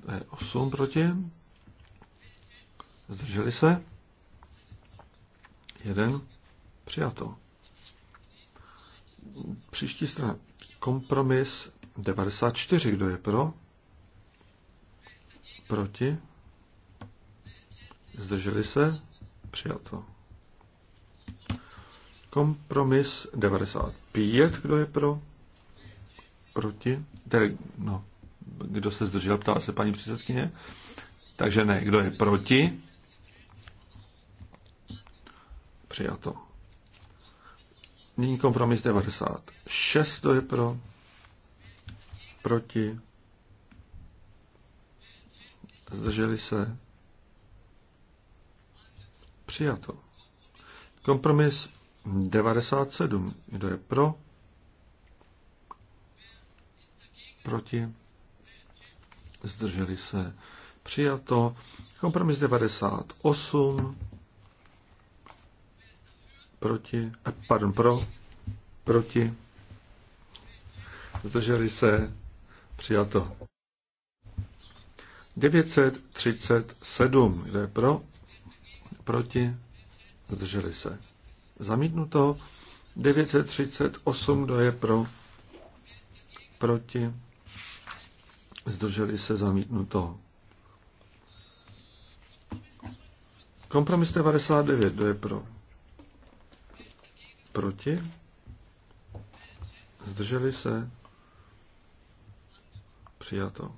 To je 8 proti. Zdrželi se? Jeden. Přijato. Příští strana. Kompromis 94. Kdo je pro? Proti? Zdrželi se? Přijato. Kompromis 95, kdo je pro? Proti? Tedy, no, kdo se zdržel, ptá se paní předsedkyně. Takže ne, kdo je proti? Přijato. Nyní kompromis 96, kdo je pro? Proti? Zdrželi se? Přijato. Kompromis 97. Kdo je pro? Proti? Zdrželi se. Přijato. Kompromis 98. Proti? Eh, pardon, pro? Proti? Zdrželi se. Přijato. 937. Kdo je pro? Proti? Zdrželi se Zamítnuto 938, kdo je pro, proti, zdrželi se zamítnuto. Kompromis 99, kdo je pro, proti, zdrželi se přijato.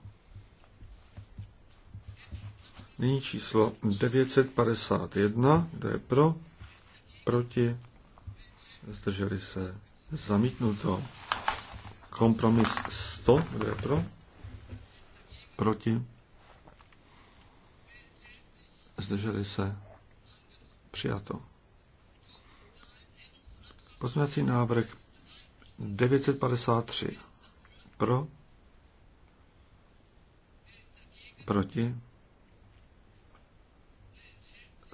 Nyní číslo 951, kdo je pro, proti, zdrželi se, zamítnuto. Kompromis 100, kdo je pro, proti, zdrželi se, přijato. Pozměňovací návrh 953 pro, proti,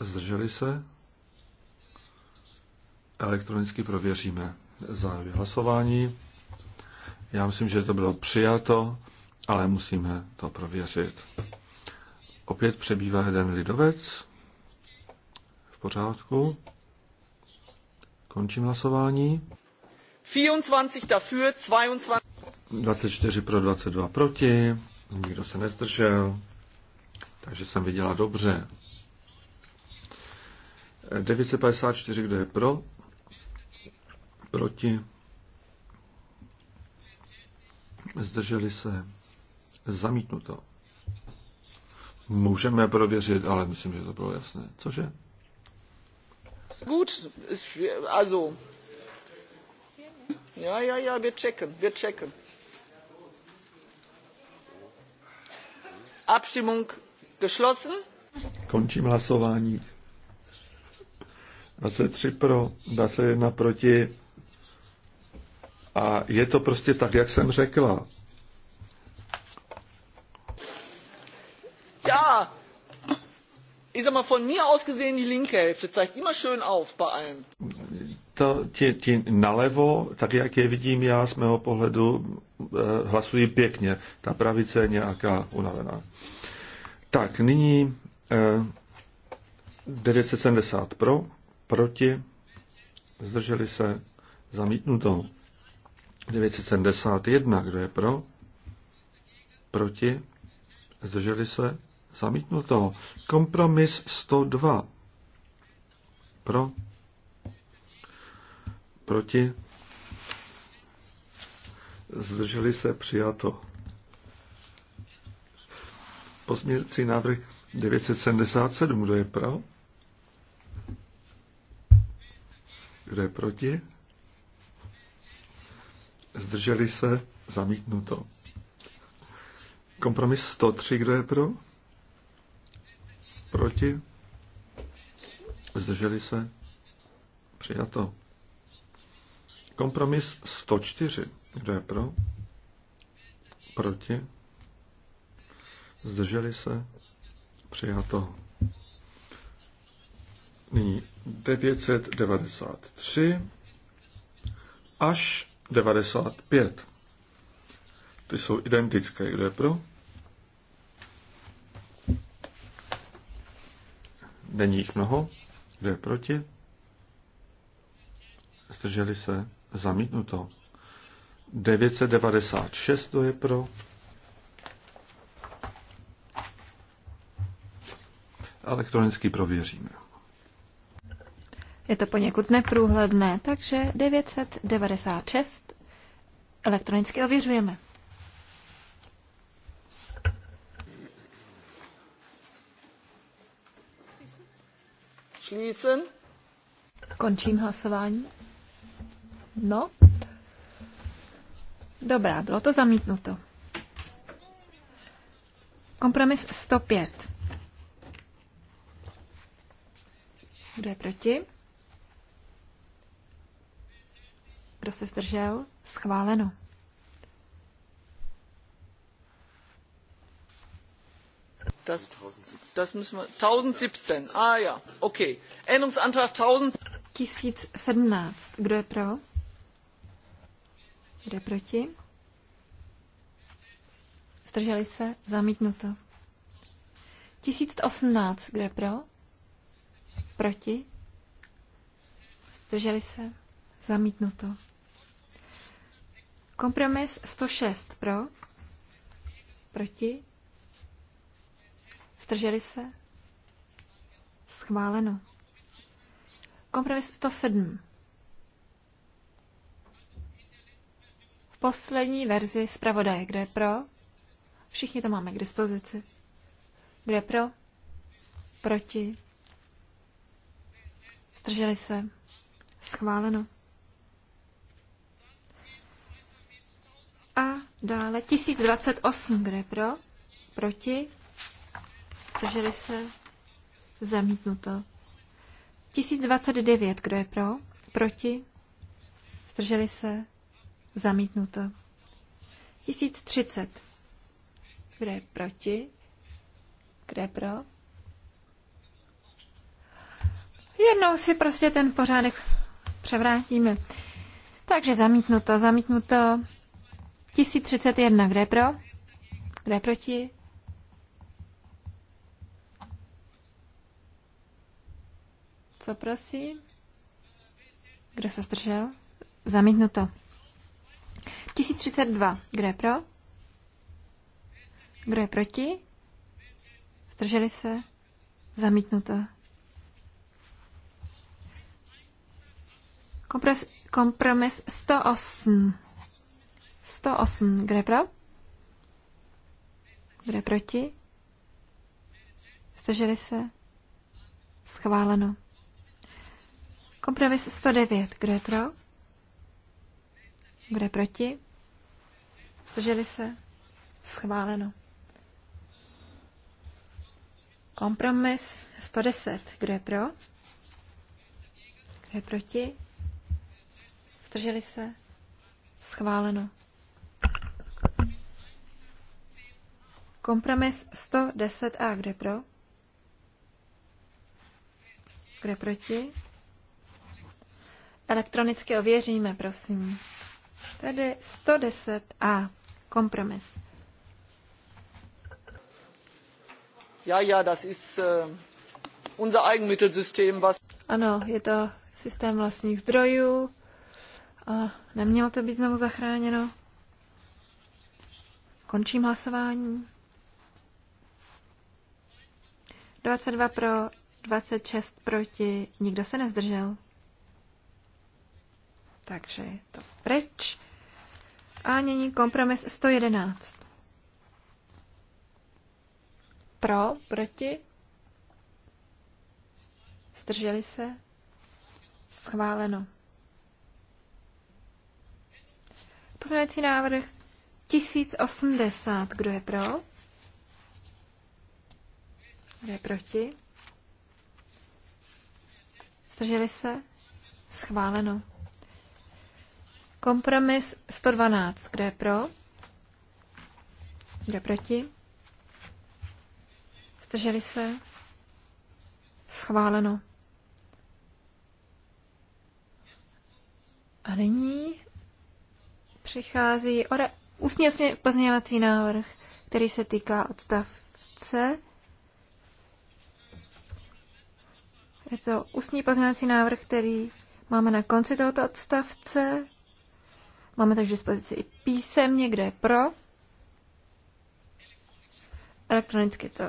zdrželi se, Elektronicky prověříme závěr hlasování. Já myslím, že to bylo přijato, ale musíme to prověřit. Opět přebývá jeden lidovec. V pořádku. Končím hlasování. 24 24 pro 22 proti. Nikdo se nezdržel. Takže jsem viděla dobře. 954, kdo je pro, proti, zdrželi se, zamítnuto. Můžeme prověřit, ale myslím, že to bylo jasné. Cože? Gut, also. Ja, ja, ja, wir checken, wir checken. Abstimmung geschlossen. Končím hlasování. 23 pro, 21 proti. A je to prostě tak, jak jsem řekla. Ja, ich sag mal, von mir aus gesehen, die linke Hälfte zeigt immer schön auf bei allem. To, ti, ti nalevo, tak jak je vidím já z mého pohledu, eh, hlasují pěkně. Ta pravice je nějaká unavená. Tak, nyní eh, 970 pro, proti, zdrželi se, zamítnutou. 971, kdo je pro? Proti? Zdrželi se? Zamítnuto. Kompromis 102. Pro? Proti? Zdrželi se? Přijato. Posměrcí návrh 977, kdo je pro? Kdo je proti? zdrželi se, zamítnuto. Kompromis 103, kdo je pro? Proti? Zdrželi se? Přijato. Kompromis 104, kdo je pro? Proti? Zdrželi se? Přijato. Nyní 993 až 95. Ty jsou identické. Kdo je pro? Není jich mnoho. Kdo je proti? Zdrželi se. Zamítnuto. 996 to je pro. Elektronicky prověříme je to poněkud neprůhledné, takže 996 elektronicky ověřujeme. Schließen. Končím hlasování. No. Dobrá, bylo to zamítnuto. Kompromis 105. Kdo je proti? Kdo se zdržel? Schváleno. Das, das müssen wir, 1017, ah ja, okay. Änderungsantrag 1017. Kdo je pro? Kdo je proti? Zdrželi se? Zamítnuto. 1018. Kdo je pro? Proti? Zdrželi se? Zamítnuto. Kompromis 106 pro, proti, zdrželi se, schváleno. Kompromis 107. V poslední verzi zpravodaje, kde je pro, všichni to máme k dispozici. Kde je pro, proti, zdrželi se, schváleno. Dále 1028, kde pro, proti, zdrželi se, zamítnuto. 1029, kdo je pro, proti, zdrželi se, zamítnuto. 1030, kdo je proti, kdo je pro. Jednou si prostě ten pořádek převrátíme. Takže zamítnuto, zamítnuto. 1031, kde je pro? Kde je proti? Co prosím? Kdo se zdržel? Zamítnuto. 1032, kde je pro? Kdo je proti? Zdrželi se? Zamítnuto. kompromis 108. 108. je pro? je proti? Zdrželi se? Schváleno. Kompromis 109. Kdo je pro? Kdo je proti? Zdrželi se? Schváleno. Kompromis 110. Kdo je pro? Kdo je proti? Zdrželi se? Schváleno. Kompromis 110a, kde pro? Kde proti? Elektronicky ověříme, prosím. Tady 110a, kompromis. Ja, ja, das ist uh, unser Eigenmittelsystem, was... Ano, je to systém vlastních zdrojů. A nemělo to být znovu zachráněno. Končím hlasování. 22 pro, 26 proti, nikdo se nezdržel. Takže je to pryč. A nyní kompromis 111. Pro, proti, zdrželi se, schváleno. Pozměňovací návrh 1080, kdo je pro? Kdo je proti? Zdrželi se? Schváleno. Kompromis 112. Kdo je pro? Kdo je proti? Zdrželi se? Schváleno. A nyní přichází ora, ústně pozměňovací návrh, který se týká odstavce Je to ústní pozměňovací návrh, který máme na konci tohoto odstavce. Máme takže dispozici i písemně, kde je pro. Elektronicky to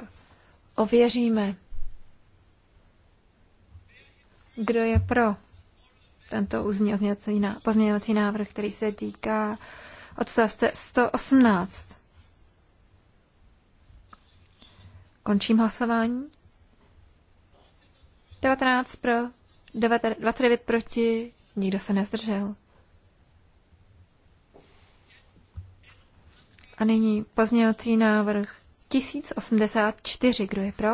ověříme. Kdo je pro tento pozměňovací návrh, který se týká odstavce 118? Končím hlasování. 19 pro, 29 proti, nikdo se nezdržel. A nyní pozměňovací návrh 1084. Kdo je pro?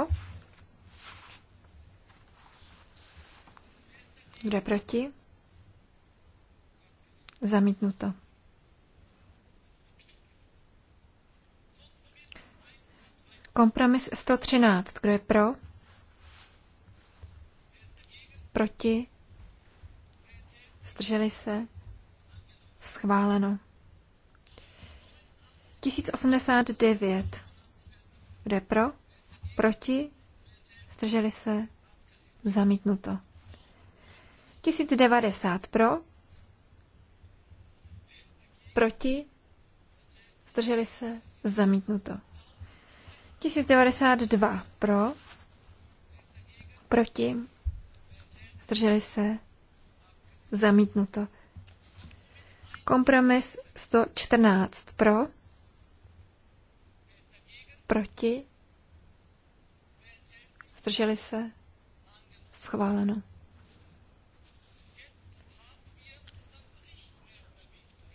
Kdo je proti? Zamítnuto. Kompromis 113. Kdo je pro? Proti? Zdrželi se? Schváleno. 1089. Kde pro? Proti? Zdrželi se? Zamítnuto. 1090 pro? Proti? Zdrželi se? Zamítnuto. 1092 pro? Proti? zdrželi se, zamítnuto. Kompromis 114 pro, proti, zdrželi se, schváleno.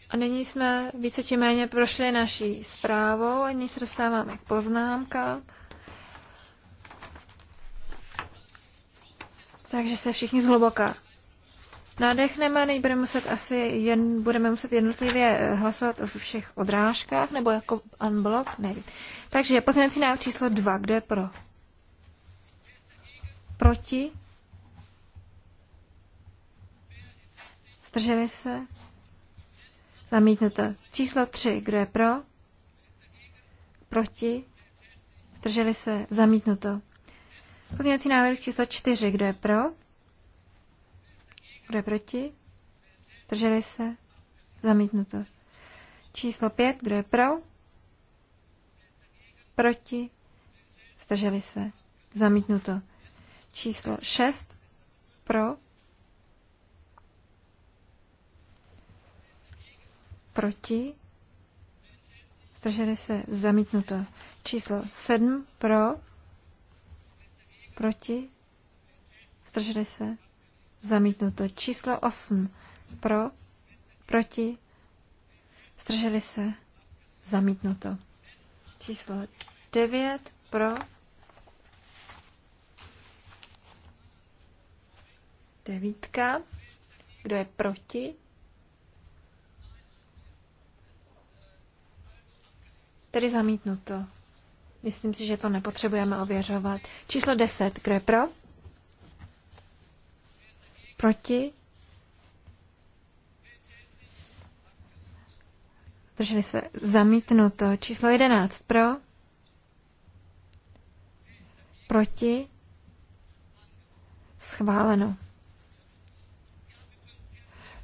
A nyní jsme více či méně prošli naší zprávou a nyní se dostáváme k poznámkám. Takže se všichni zhluboka nadechneme, než budeme muset asi jen, budeme muset jednotlivě eh, hlasovat o všech odrážkách, nebo jako unblock, nevím. Takže pozměnací návrh číslo dva, kdo je pro? Proti? Zdrželi se? Zamítnuto. Číslo tři, kdo je pro? Proti? Zdrželi se? Zamítnuto. Pozměňovací návrh číslo 4. Kdo je pro? Kdo je proti? Drželi se? Zamítnuto. Číslo 5. Kdo je pro? Proti? Zdrželi se? Zamítnuto. Číslo 6. Pro? Proti? Zdrželi se? Zamítnuto. Číslo 7. Pro? Proti? Zdrželi se? Zamítnuto. Číslo 8. Pro? Proti? Zdrželi se? Zamítnuto. Číslo 9. Pro? 9. Kdo je proti? Tedy zamítnuto. Myslím si, že to nepotřebujeme ověřovat. Číslo 10. Kdo je pro? Proti? Drželi se zamítnuto. Číslo 11. Pro? Proti? Schváleno.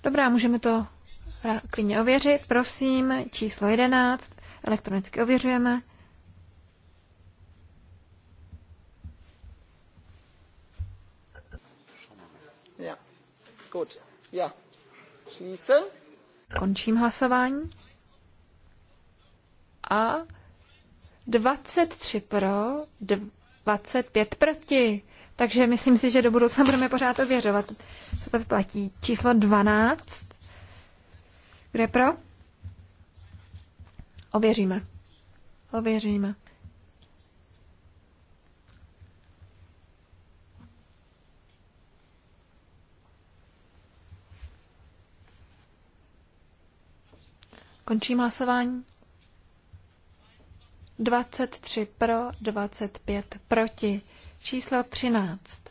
Dobrá, můžeme to klidně ověřit. Prosím, číslo 11. Elektronicky ověřujeme. Gut. Ja. Schließe. Končím hlasování. A 23 pro, 25 proti. Takže myslím si, že do budoucna budeme pořád ověřovat, co to platí. Číslo 12. Kde pro? Ověříme. Ověříme. Končím hlasování. 23 pro, 25 proti. Číslo 13.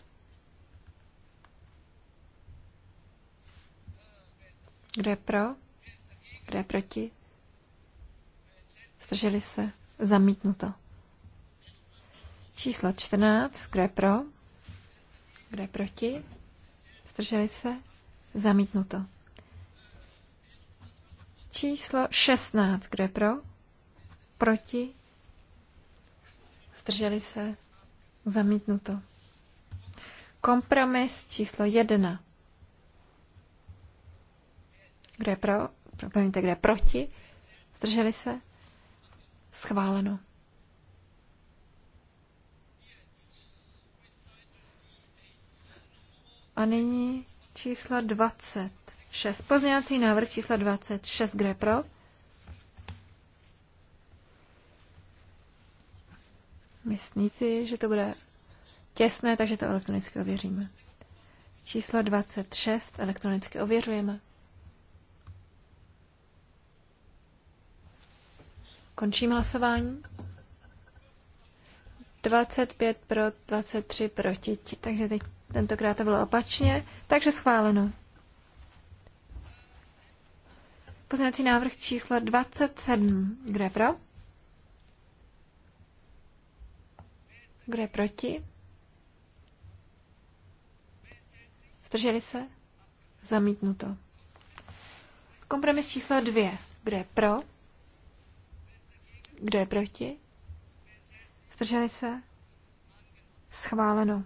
Kdo je pro? Kdo je proti? Zdrželi se. Zamítnuto. Číslo 14. Kdo je pro? Kdo je proti? Zdrželi se? Zamítnuto. Číslo 16, kdo je pro? Proti? Zdrželi se? Zamítnuto. Kompromis číslo 1. Kdo je pro? Promiňte, kdo je proti? Zdrželi se? Schváleno. A nyní číslo 20. 6. Pozměňovací návrh čísla 26. Kde pro? Myslím si, že to bude těsné, takže to elektronicky ověříme. Číslo 26 elektronicky ověřujeme. Končím hlasování. 25 pro, 23 proti. Takže teď tentokrát to bylo opačně, takže schváleno. Poznací návrh číslo 27. Kdo je pro? Kdo je proti? Zdrželi se? Zamítnuto. Kompromis číslo 2. Kdo je pro? Kdo je proti? Zdrželi se? Schváleno.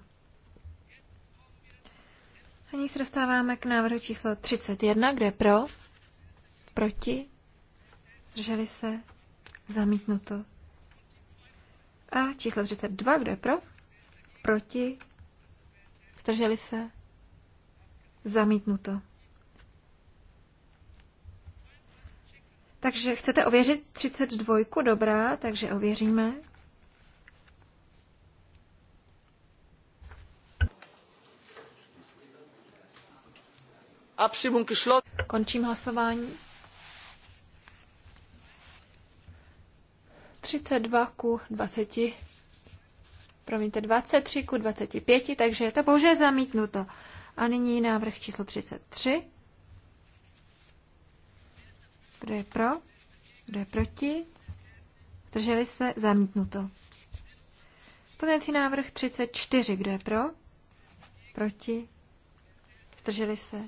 A nyní se dostáváme k návrhu číslo 31. Kdo je pro? Proti? Zdrželi se? Zamítnuto. A číslo 32, kdo je pro? Proti? Zdrželi se? Zamítnuto. Takže chcete ověřit 32, dobrá, takže ověříme. Končím hlasování. 32 ku 20, promiňte, 23 ku 25, takže je to bohužel zamítnuto. A nyní návrh číslo 33. Kdo je pro? Kdo je proti? Zdrželi se? Zamítnuto. Pozměňovací návrh 34. Kdo je pro? Proti? Zdrželi se?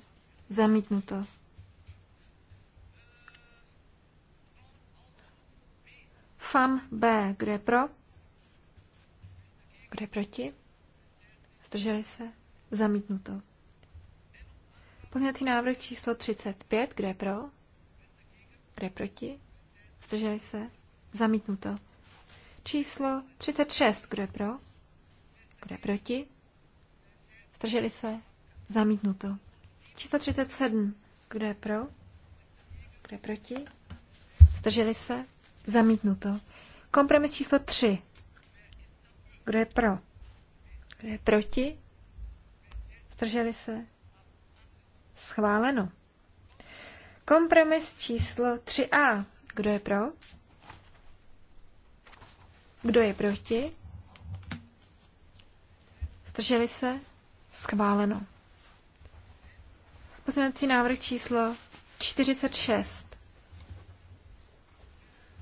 Zamítnuto. FAM B. Kdo je pro? Kdo je proti? Zdrželi se? Zamítnuto. Pozměňovací návrh číslo 35. Kdo je pro? Kdo je proti? Zdrželi se? Zamítnuto. Číslo 36. Kdo je pro? Kdo je proti? Zdrželi se? Zamítnuto. Číslo 37. Kdo je pro? Kdo je proti? Zdrželi se? Zamítnuto. Kompromis číslo 3. Kdo je pro? Kdo je proti? Zdrželi se? Schváleno. Kompromis číslo 3a. Kdo je pro? Kdo je proti? Zdrželi se? Schváleno. Poslanecí návrh číslo 46.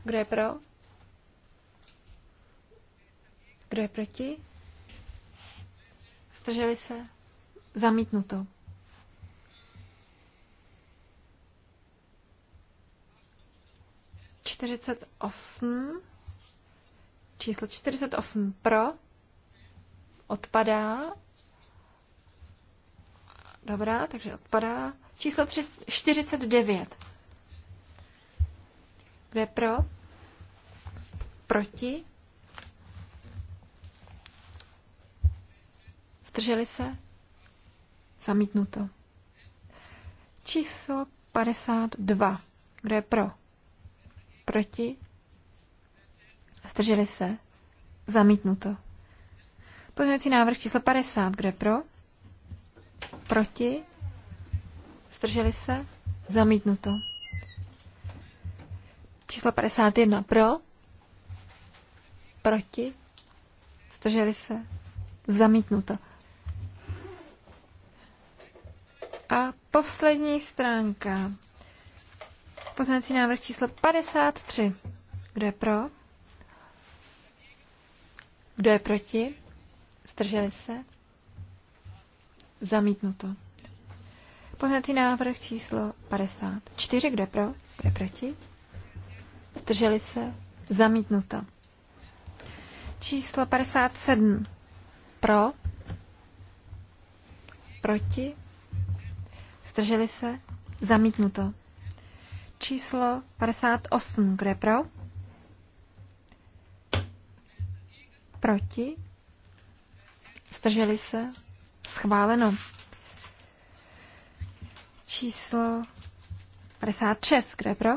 Kdo je pro? Kdo je proti? Zdrželi se? Zamítnuto. Čtyřicet osm. Číslo 48 pro. Odpadá. Dobrá, takže odpadá. Číslo 49 kdo je pro? Proti? Zdrželi se? Zamítnuto. Číslo 52. Kdo je pro? Proti? Zdrželi se? Zamítnuto. Pozměňovací návrh číslo 50. Kdo je pro? Proti? Zdrželi se? Zamítnuto. Číslo 51 pro, proti, zdrželi se, zamítnuto. A poslední stránka. Poznací návrh číslo 53. Kdo je pro? Kdo je proti? Zdrželi se? Zamítnuto. Poznací návrh číslo 54. Kdo je pro? Kdo je proti? zdrželi se, zamítnuto. Číslo 57 pro, proti, zdrželi se, zamítnuto. Číslo 58, kde pro? Proti, zdrželi se, schváleno. Číslo 56, kde pro?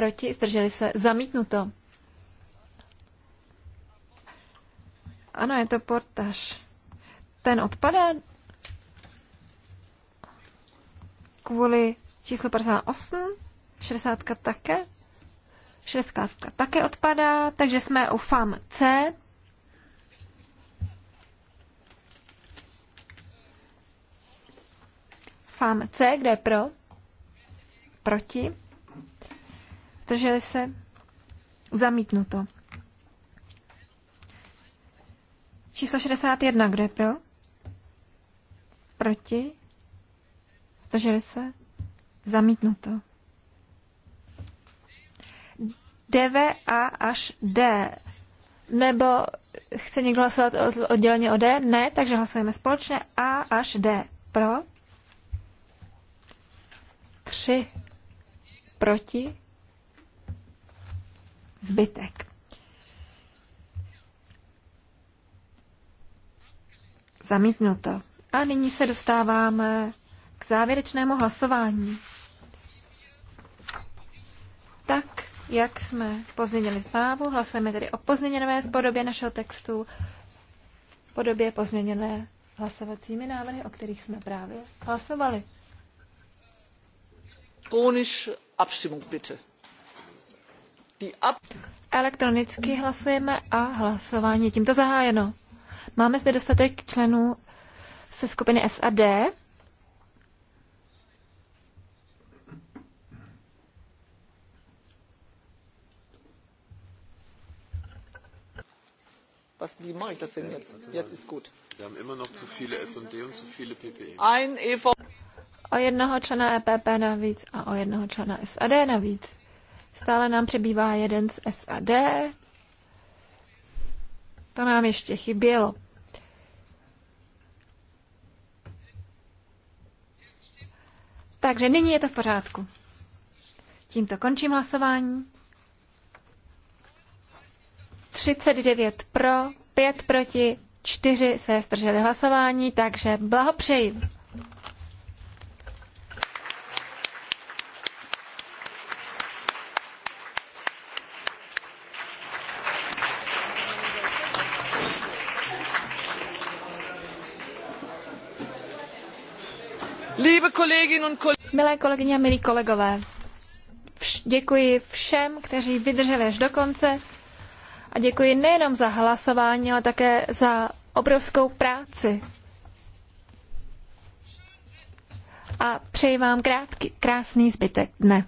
proti, zdrželi se, zamítnuto. Ano, je to portaž. Ten odpadá kvůli číslu 58, 60 také, 60 také odpadá, takže jsme u FAM C. FAM C, kde je pro? Proti Zdrželi se? Zamítnuto. Číslo 61, kdo je pro? Proti? Zdrželi se? Zamítnuto. A až D. Nebo chce někdo hlasovat odděleně o D? Ne, takže hlasujeme společně A až D. Pro? Tři. Proti? zbytek. Zamítnuto. A nyní se dostáváme k závěrečnému hlasování. Tak, jak jsme pozměnili zprávu, hlasujeme tedy o pozměněné podobě našeho textu, podobě pozměněné hlasovacími návrhy, o kterých jsme právě hlasovali. Elektronisch Abstimmung bitte. Elektronicky hlasujeme a hlasování je tímto zahájeno. Máme zde dostatek členů se skupiny SAD. Was, wie mache ich das denn jetzt? Jetzt ist gut. Wir haben immer noch zu viele S&D und zu viele PPE. Ein EV. O jednoho člena EPP navíc a o jednoho člena SAD navíc. Stále nám přebývá jeden z SAD. To nám ještě chybělo. Takže nyní je to v pořádku. Tímto končím hlasování. 39 pro, 5 proti, 4 se zdrželi hlasování, takže blahopřeji. Milé kolegyně a milí kolegové, vš děkuji všem, kteří vydrželi až do konce a děkuji nejenom za hlasování, ale také za obrovskou práci. A přeji vám krátký, krásný zbytek dne.